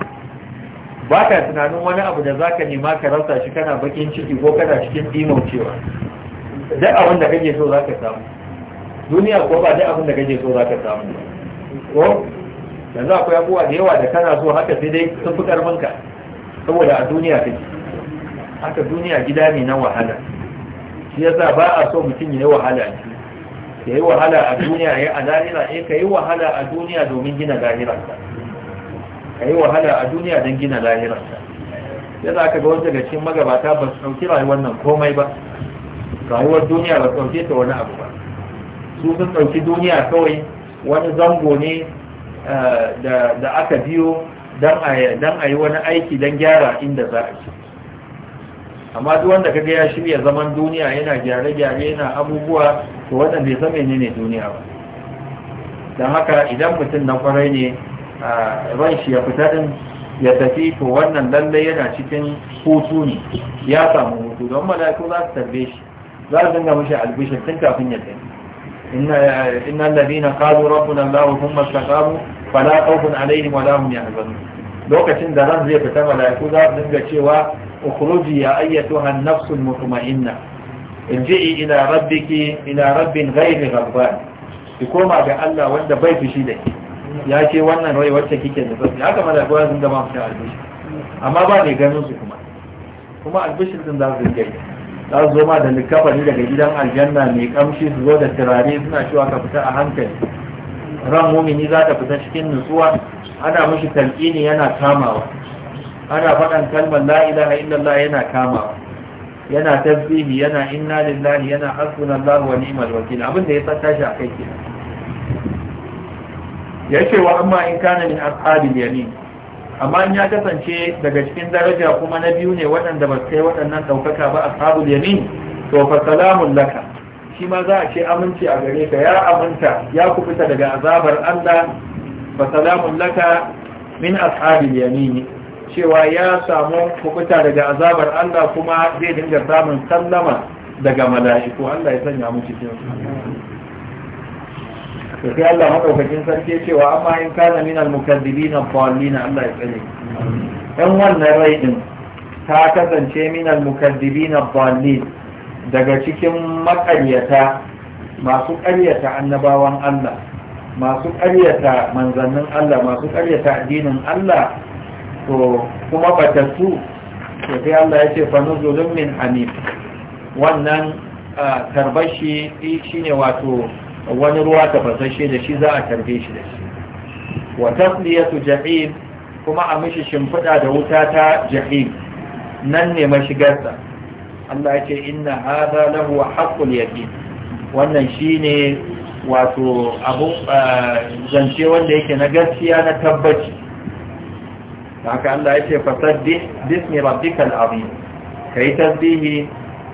ba ta tunanin wani abu da za ka nema ka rasa shi kana bakin ciki ko kana cikin dimaucewa duk abin da kake so za ka samu duniya ko ba duk abin da kake so za ka samu ko yanzu akwai abubuwa da yawa da kana so haka sai dai sun fi karfinka saboda a duniya kake haka duniya gida ne na wahala shi sa ba a so mutum ya yi wahala a ya yi wahala a duniya ya a lahira eh ka yi wahala a duniya domin gina lahirarsa ka yi wahala a duniya don gina lahirarsa yadda aka ga wanda daga cikin magabata ba su ɗauki rayuwar nan komai ba rayuwar duniya ba su ɗauke ta wani abu ba su sun ɗauki duniya kawai wani zango ne Eh, da aka biyo don a yi wani aiki don gyara inda za a ci amma duk wanda kaga ya shirya zaman duniya yana gyare-gyare yana abubuwa to wannan bai zama ne duniya ba don haka idan mutum na kwarai ne ran shi ya fita din ya tafi to wannan lallai yana cikin hutu ne ya samu hutu don mala'iku za su tarbe shi za su dinga mishi albishin tun kafin ya tafi إن الذين قالوا ربنا الله هم استقاموا فلا خوف عليهم ولا هم يحزنون lokacin da ran zai fita mala'iku za su dinga cewa ukhruji ya ayyatuha an-nafsul mutma'inna irji'i ila rabbiki ila rabbin ghayri ghadban ki koma ga Allah wanda bai fushi da ki ya ce wannan rai wacce kike da tsaki haka mala'iku za su dinga ma fita albishi amma ba ne ganin su kuma kuma albishin din za su dinga yi za su zo ma da likafani daga gidan aljanna mai kamshi su zo da turare suna cewa ka fita a hankali ran mumini za ta fita cikin nutsuwa ana mishi talqini yana kamawa ana faɗan kalmar la ilaha illallah yana kamawa yana tasbihi yana inna lillahi yana hasbunallahu wa ni'mal wakil abin da ya tsaka shi akai kenan yace wa amma in kana min ashabil yamin amma in ya kasance daga cikin daraja kuma na biyu ne waɗanda ba kai waɗannan ɗaukaka ba ashabul yamin to fa salamun laka shi ma za a ce aminci a gare ka ya aminta ya kubuta daga azabar Allah fa salamun laka min ashabil yamin cewa ya samu kubuta daga azabar Allah kuma zai dinga samun sallama daga mala'iku Allah ya sanya mu cikin su to sai Allah madaukakin sarki cewa amma in kana min al-mukazzibin ad Allah ya tsare dan wannan rai din ta kasance min al-mukazzibin ad daga cikin makaryata masu karyata annabawan Allah masu karyata manzannin Allah masu karyata addinin Allah to kuma batatu. to sai Allah ya ce fa nuzulun min hamim wannan ah, tarbashi shi ne wato wani ruwa tafasashe da shi za a tarbe shi da shi wa tasliyatu jahim kuma a mishi shimfiɗa da wuta ta jahim nan ne mashigarsa Allah ya ce inna hadha lahu haqqul yaqin wannan shine wato abu zance wanda yake na gaskiya na tabbaci haka Allah ya ce fasaddih bismi rabbikal azim kai tasbihi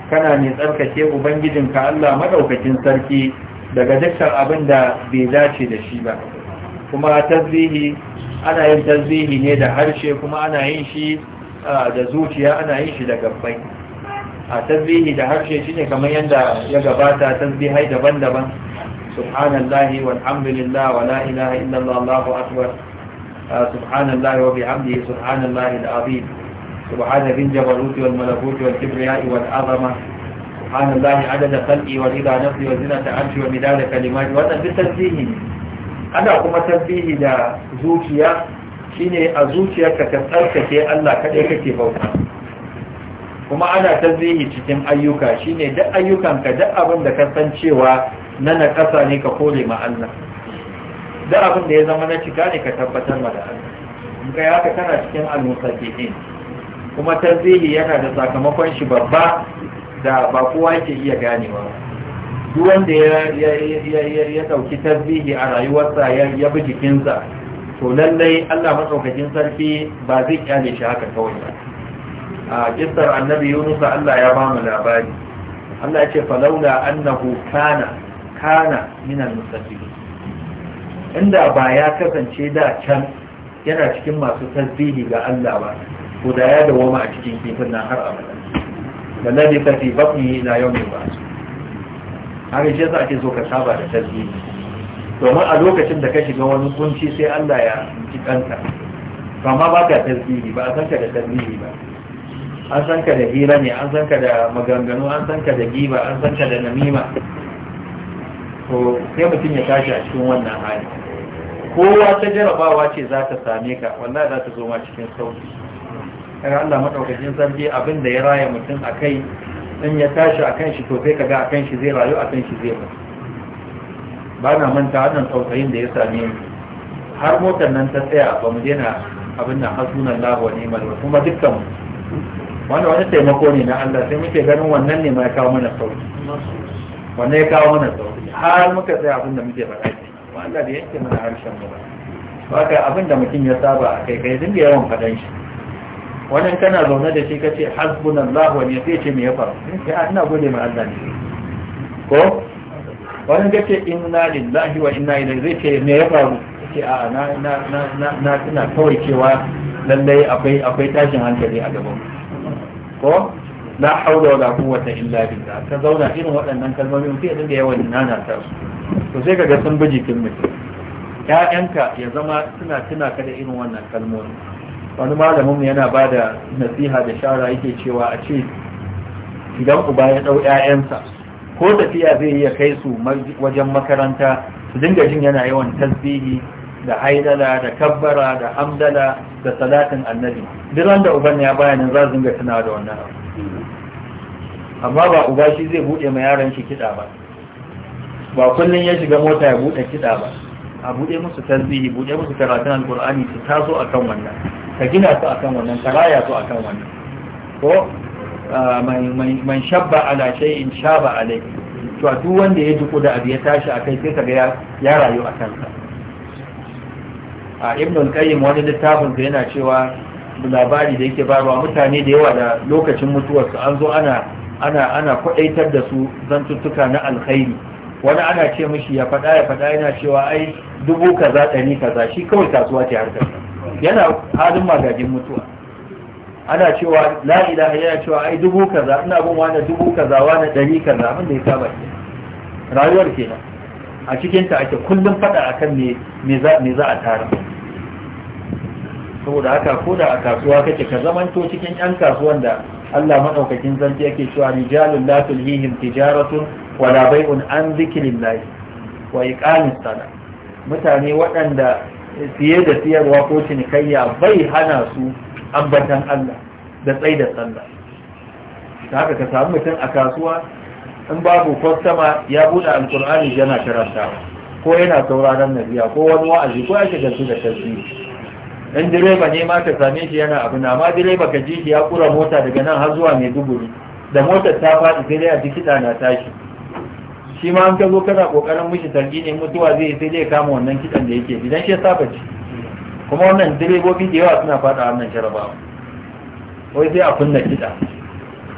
kana ne tsarkake ubangijinka Allah madaukakin sarki daga dukkan abin da bai dace da shi ba kuma tasbihi ana yin tasbihi ne da harshe kuma ana yin shi da zuciya ana yin shi da gabbai a tasbihi da harshe shine kamar yadda ya gabata tasbihai daban-daban subhanallahi walhamdulillah la ilaha illallah allahu akbar subhanallahi wa bihamdihi subhanallahi alazim subhana bin jabaruti wal malakuti wal kibriya wal azama subhanallahi adada khalqi wa rida nafsi wa zinata arshi wa midada kalimati wannan duk tasbihi ana kuma tasbihi da zuciya shine a zuciyarka ka tsarkake Allah kaɗai kake bauta kuma ana tasbihi cikin ayyuka shine duk ayyukanka duk abin da ka san cewa na nakasa ne ka kore ma Allah duk abin da ya zama na cika ne ka tabbatar ma da Allah in kai haka kana cikin al-musabbin kuma tasbihi yana da sakamakon shi babba da ba kowa yake iya ganewa duk wanda ya ɗauki tasbihi a rayuwarsa ya bi jikinsa to lallai Allah matsaukakin sarki ba zai kyale shi haka kawai ba a kistar annabi Yunus Allah ya ba mu labari Allah ya ce falaula annahu kana kana minal musabbihin inda ba ya kasance da can yana cikin masu tasbihi ga Allah ba ko da ya ma a cikin kifin nan har abada da labisa fi yau ila ba su har shi yasa ake so ka saba da tasbihi domin a lokacin da ka shiga wani kunci sai Allah ya ci kanta ba ma ba ka tasbihi ba a san ka da tasbihi ba an san ka da hira ne an san ka da maganganu an san ka da giba an san ka da namima Ko sai mutum ya tashi a cikin wannan hali kowa ta jarabawa ce za ta same ka wallahi za ta zo ma cikin sauki kaga Allah madaukakin sarki abin da ya raya mutum akai in ya tashi akan shi to sai kaga akan shi zai rayu akan shi zai mutu ba na manta wannan tausayin da ya same ni har motar nan ta tsaya ba mu daina abin nan hasunan Allah wa ni'mal kuma dukkan wanda wani taimako ne na Allah sai muke ganin wannan ne ma ya kawo mana sauki wannan ya kawo mana sauki har muka tsaya abin da muke faɗa ne Allah da yake mana harshen mu ba ka abin da mutum ya saba a kai kai dinga yawan faɗan shi wannan kana zaune da shi ka ce kace hasbunallahu wa ni'mal ce me ya faru sai ah, ina gode ma Allah ne ko wannan kace inna lillahi wa ina ilaihi zai ce me ya faru ce a na na na na na kawai cewa lallai akwai akwai tashin hankali a gaban ko la haula wala quwwata illa billah ka zauna irin waɗannan kalmomin sai dinga yawan nana ta su to sai kaga sun bi jikin mutum Ya'yanka ya zama suna tuna ka da irin wannan kalmomin wani malamin yana ba da nasiha da shara yake cewa a ce idan uba ya ɗau 'ya'yansa ko tafiya zai iya kai su wajen makaranta su dinga jin yana yawan tasbihi da haidala da kabbara da hamdala da salatin annabi duk da uban ya nan za su dinga tunawa da wannan amma ba uba shi zai buɗe ma yaran shi kiɗa ba ba kullum ya shiga mota ya buɗe kiɗa ba a buɗe musu tasbihi buɗe musu karatun alƙur'ani su taso akan wannan ka gina su akan wannan ka raya su akan wannan ko man shabba ala in shaba alai to duk wanda ya duku da abu ya tashi akai sai kaga ya rayu a kansa a ibn al-qayyim wani littafin sa yana cewa labari da yake barwa mutane da yawa da lokacin su an zo ana ana ana kwadaitar da su zantuttuka na alkhairi wani ana ce mishi ya faɗa ya faɗa yana cewa ai dubu kaza ɗari kaza shi kawai kasuwa ce harkar yana halin magajin mutuwa ana cewa la ilaha yana cewa ai dubu kaza ina bin wani dubu kaza wani ɗari kaza abin da ya saba ke rayuwar kenan a cikinta ake kullum faɗa akan me za a tara saboda haka ko da a kasuwa kake ka zamanto cikin yan kasuwan da Allah madaukakin zanti yake cewa rijalun la tulhihim tijaratun wala bai'un an zikrillah wa iqamis mutane waɗanda siye da siyarwa ko cinikayya bai hana su ambatan Allah da tsaye da tsalla ta haka ka samu mutum a kasuwa in babu kwastama ya buɗe alkur'ani yana karanta ko yana sauraron nabiya ko wani wa'azi ko ya shiga su da tasiri in direba ne ma ka same shi yana abu na ma direba ka ji ya kura mota daga nan har zuwa mai maiduguri da motar ta faɗi sai dai a ji kiɗa na tashi shi ma an ka zo kana kokarin mishi ne, mutuwa zai sai dai kama wannan kitan da yake idan shi ya saba ci kuma wannan direbobi da yawa suna fada wannan sharaba wai sai a kunna kita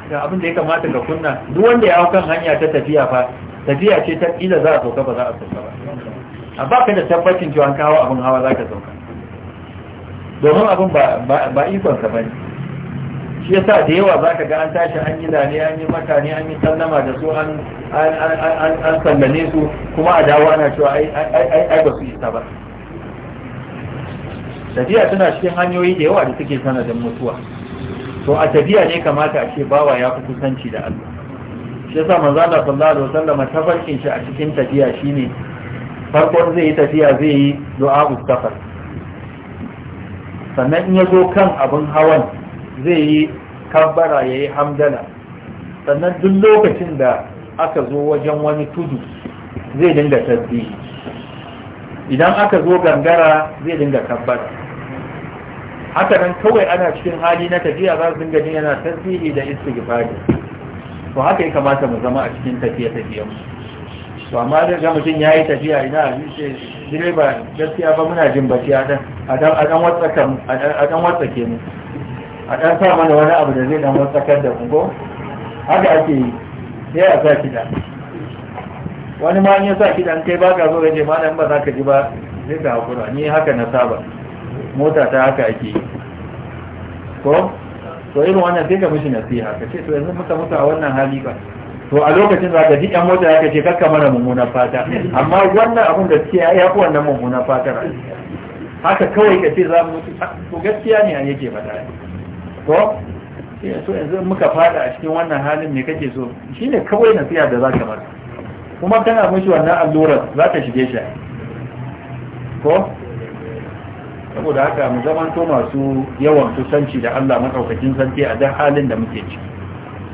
ga abin da ya kamata ka kunna duk wanda ya hau kan hanya ta tafiya fa tafiya ce ta kila za a sauka ba za a sauka ba a baka da tabbacin cewa an kawo abin hawa za ka sauka domin abin ba ikonsa ba ne shi yasa da yawa za ka ga an tashi an yi zane an yi makane an yi sallama da su an sallame su kuma a dawo ana cewa ai ba su isa ba tafiya tana cikin hanyoyi da yawa da suke sanadin mutuwa to a tafiya ne kamata a ce bawa ya fi kusanci da Allah shi yasa manzo Allah sallallahu alaihi wasallam tafarkin shi a cikin tafiya shine farkon zai yi tafiya zai yi du'a mustafa sannan in ya zo kan abin hawan zai yi kabbara ya yi hamdana sannan duk lokacin da aka zo wajen wani tudu zai dinga tasbihi idan aka zo gangara zai dinga kabbara haka nan kawai ana cikin hali na tafiya za su dinga jin yana tasbihi da istighfari to haka ya kamata mu zama a cikin tafiya tafiya to amma da ga mutum ya yi tafiya ina a ce direba gaskiya ba muna jin bacci a dan a dan watsake mu a ɗan sa mana wani abu da zai dan wasakar da ungo haka ake yi sai a sa kiɗa wani ma ya sa kiɗan kai ba ka da gaje ma ba za ka ji ba sai ka hakura ni haka na saba mota ta haka ake yi ko to irin wannan sai ka mishi na siya ka ce to yanzu muka mutu a wannan hali ba to a lokacin za ka ji ɗan mota ya ka ce kakka mana mummunan fata amma wannan abun da suke ya fi wannan mummunan fata haka kawai ka ce za mu mutu to gaskiya ne an yake faɗa ko so yanzu muka fada a cikin wannan halin me kake so shine kawai nasiha da zaka bar kuma kana mishi wannan allurar zaka shige shi ko saboda haka mu zaman to masu yawan kusanci da Allah madaukakin sarki a duk halin da muke ciki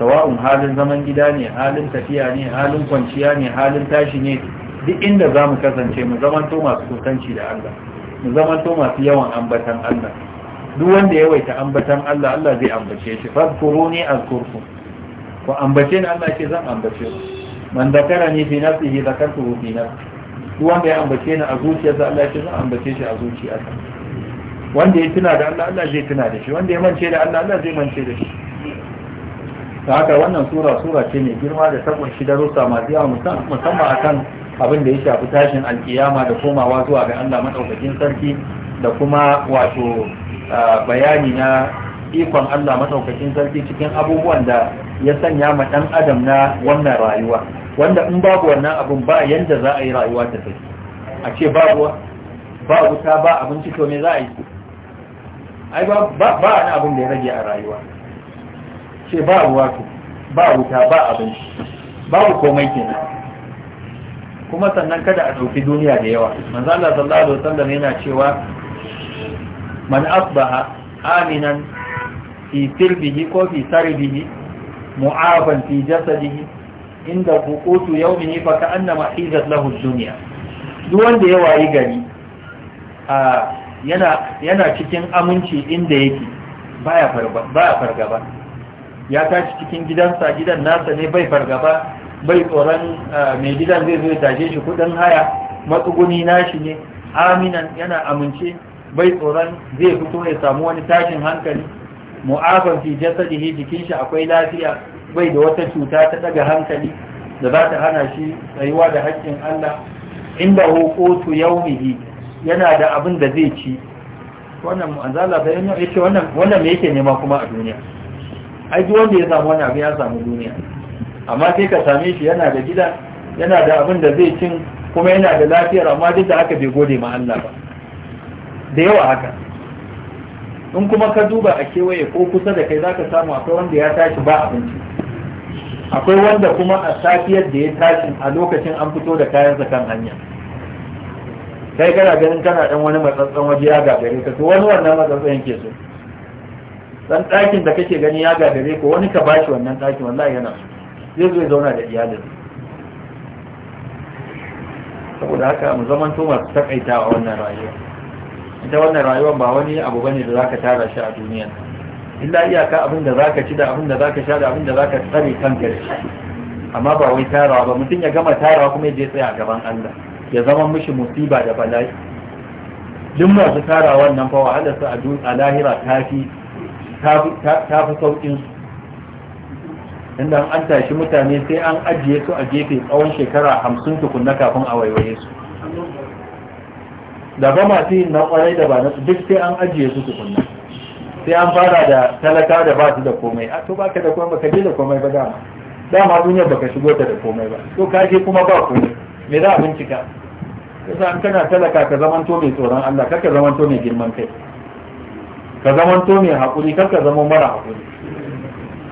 sawa'un halin zaman gida ne halin tafiya ne halin kwanciya ne halin tashi ne duk inda zamu kasance mu zaman to masu kusanci da Allah mu zaman to masu yawan ambatan Allah duk wanda ya waita ambatan Allah Allah zai ambace shi fadkuruni azkurkum ko ambace ni Allah ce zan ambace ku man ni fi nafsihi zakartuhu fi nafsi duk wanda ya ambace ni a zuciyarsa Allah ce zan ambace shi a zuciyarsa wanda ya tuna da Allah Allah zai tuna da shi wanda ya mance da Allah Allah zai mance da shi ta haka wannan sura sura ce mai girma da ta kunshi darussa masu yawa musamman akan abin da ya shafi tashin alkiyama da komawa zuwa ga Allah madaukakin sarki da kuma wato bayani na ikon Allah madaukakin sarki cikin abubuwan da ya sanya ma dan adam na wannan rayuwa wanda in babu wannan abun ba yanda za a yi rayuwa ta tafi a ce babu ba wuta ba abinci to me za a yi ai ba ba wani abun da ya rage a rayuwa ce ba ruwa to ba wuta ba abinci babu komai kenan kuma sannan kada a ɗauki duniya da yawa manzo Allah sallallahu alaihi wasallam yana cewa man asbaha aminan fi sirbihi ko fi sarbihi mu'afan fi jasadihi inda hukutu yaumihi fa ka'annama hizat lahu dunya duk wanda ya wayi gari a yana yana cikin aminci inda yake baya fargaba fargaba ya tashi cikin gidansa gidan nasa ne bai fargaba bai tsoron mai gidan zai zo ya tashe shi kudin haya matsuguni nashi ne aminan yana amince bai tsoron zai fito ya samu wani tashin hankali mu'afan fi jasadihi jikin shi akwai lafiya bai da wata cuta ta daga hankali da za ta hana shi tsayuwa da haƙƙin Allah inda hukutu yaumihi yana da abin da zai ci wannan manzala bayan ya ce wannan wannan me yake nema kuma a duniya ai duk wanda ya samu wannan abin ya samu duniya amma sai ka same shi yana da gida yana da abin da zai cin kuma yana da lafiyar amma duk da haka bai gode ma Allah ba da yawa haka in kuma ka duba a kewaye ko kusa da kai zaka samu akwai wanda ya tashi ba abinci akwai wanda kuma a safiyar da ya tashi a lokacin an fito da kayansa kan hanya kai kana ganin kana dan wani matsatsan waje ya gagare ka to wani wannan matsatsan yake so dan ɗakin da kake gani ya gagare ko wani ka bashi wannan ɗakin wallahi yana zai zo ya zauna da iyalin saboda haka mu zamanto masu takaitawa wannan rayuwa ita wannan rayuwar ba wani abu bane da zaka tara shi a duniya illa iyaka abin da zaka ci da abin da zaka sha da abin da zaka tsare kanka da shi amma ba wai tarawa ba mutum ya gama tarawa kuma je tsaya a gaban Allah ya zama mishi musiba da bala'i duk masu tarawa nan fa wahalar su a lahira tafi tafi saukin su inda an tashi mutane sai an ajiye su a gefe tsawon shekara hamsin tukunna kafin a waiwaye su da ba masu yin na kwarai da ba na duk sai an ajiye su tukunna sai an fara da talaka da ba su da komai a to baka da komai baka je da komai ba dama dama duniyar baka shigo ta da komai ba to ka je kuma ba komai me za a bincika yasa an kana talaka ka zamanto mai tsoron Allah ka zamanto mai girman kai ka zamanto mai haƙuri ka zama mara haƙuri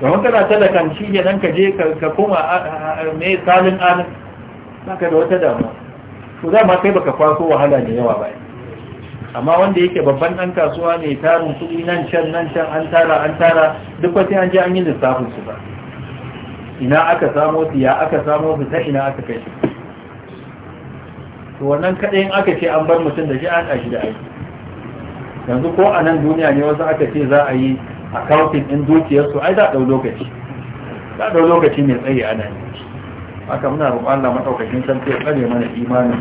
domin kana talakan shi ne nan ka je ka koma mai salin alin ka da wata damuwa to dama kai baka kwaso wahala da yawa ba amma wanda yake babban ɗan kasuwa ne tarin kudi nan can nan can an tara an tara duk wata an ji an yi lissafin su ba ina aka samo su ya aka samo su ta ina aka kai to wannan kadai in aka ce an bar mutum da shi an ashi da aiki yanzu ko a nan duniya ne wasu aka ce za a yi accounting dukiyar dukiyarsu ai za a lokaci za a lokaci mai tsayi ana yi haka muna roƙon Allah madaukakin sarki ya tsare mana imani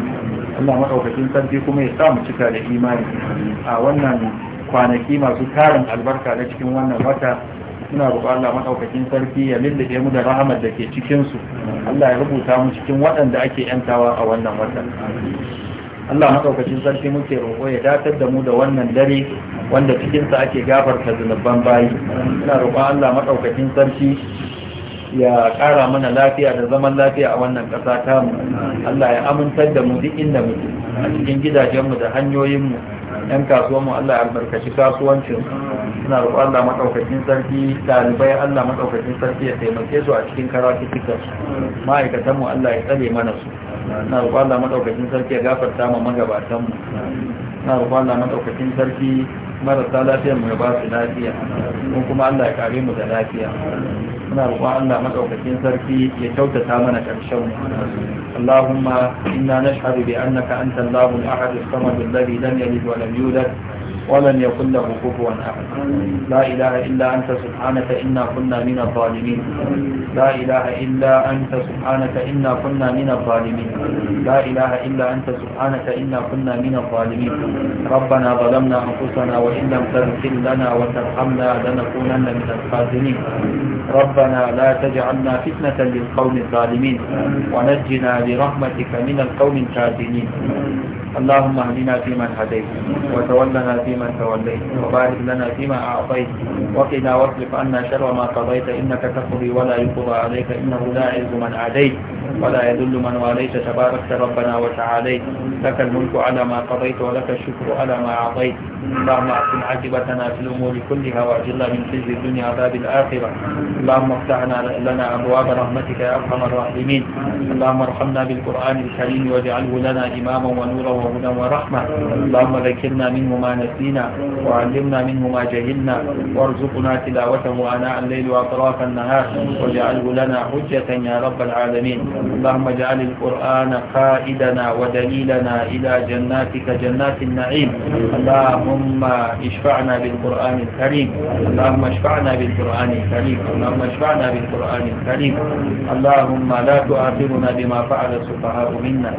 Allah madaukakin sarki kuma ya sa mu cika da imani a wannan kwanaki masu tarin albarka na cikin wannan wata muna roƙon Allah madaukakin sarki ya lullube mu da rahamar da ke cikin su Allah ya rubuta mu cikin waɗanda ake yantawa a wannan wata Allah maɗaukacin sarki muke roƙo ya datar da mu da wannan dare wanda cikinsa ake gafarta zunuban bayi. Ina roƙon Allah maɗaukacin sarki ya ƙara mana lafiya da zaman lafiya a wannan ƙasa tamu Allah ya amintar da mu duk inda muke a cikin gidajenmu da hanyoyinmu yan kasuwanmu Allah ya albarkaci kasuwancin suna roƙo Allah maɗaukakin sarki ɗalibai Allah maɗaukakin sarki ya taimake su a cikin karatu cikin ma'aikatan ma'aikatanmu Allah ya tsare mana su suna roƙo Allah maɗaukakin sarki ya gafarta ma mu na madaukakin sarki marasa lafiyar mu ya ba su lafiya mu kuma Allah ya kare mu da lafiya muna roƙon Allah madaukakin sarki ya kyautata mana karshen Allahumma inna nashhadu bi annaka antal lahu al-ahad as-samad alladhi lam yalid wa lam yulad ولن يكن له كفوا أحد لا إله إلا أنت سبحانك إنا كنا من الظالمين لا إله إلا أنت سبحانك إنا كنا من الظالمين لا إله إلا أنت سبحانك إنا كنا من الظالمين ربنا ظلمنا أنفسنا وإن لم تغفر لنا وترحمنا لنكونن من الخاسرين ربنا لا تجعلنا فتنة للقوم الظالمين ونجنا برحمتك من القوم الكافرين اللهم اهدنا فيمن هديت وتولنا فيمن توليت وبارك لنا فيما أعطيت وقنا واصرف عنا شر ما قضيت إنك تقضي ولا يقضى عليك إنه لا عز من عاديت ولا يذل من واليت تباركت ربنا وتعاليت لك الملك على ما قضيت ولك الشكر على ما أعطيت اللهم أحسن عاقبتنا في الأمور كلها وأجلنا من خزي الدنيا عذاب الآخرة اللهم افتح لنا أبواب رحمتك يا أرحم الراحمين اللهم ارحمنا بالقرآن الكريم واجعله لنا إماما ونورا وهدى ورحمة اللهم ذكرنا منه ما نسينا وعلمنا منه ما جهلنا وارزقنا تلاوته آناء الليل وأطراف النهار واجعله لنا حجة يا رب العالمين اللهم اجعل القرآن قائدنا ودليلنا إلى جناتك جنات النعيم اللهم اشفعنا بالقرآن الكريم اللهم اشفعنا بالقرآن الكريم اللهم اشفعنا بالقرآن الكريم اللهم لا تؤاخذنا بما فعل السفهاء منا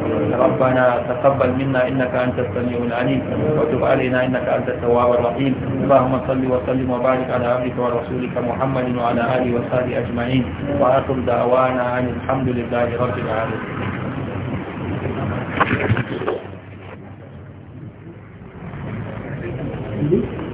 ربنا تقبل منا إنك أنت السميع العليم وتب علينا إنك أنت التواب الرحيم اللهم صل وسلم وبارك على عبدك ورسولك محمد وعلى آله وصحبه أجمعين وآخر دعوانا أن الحمد لله رب
العالمين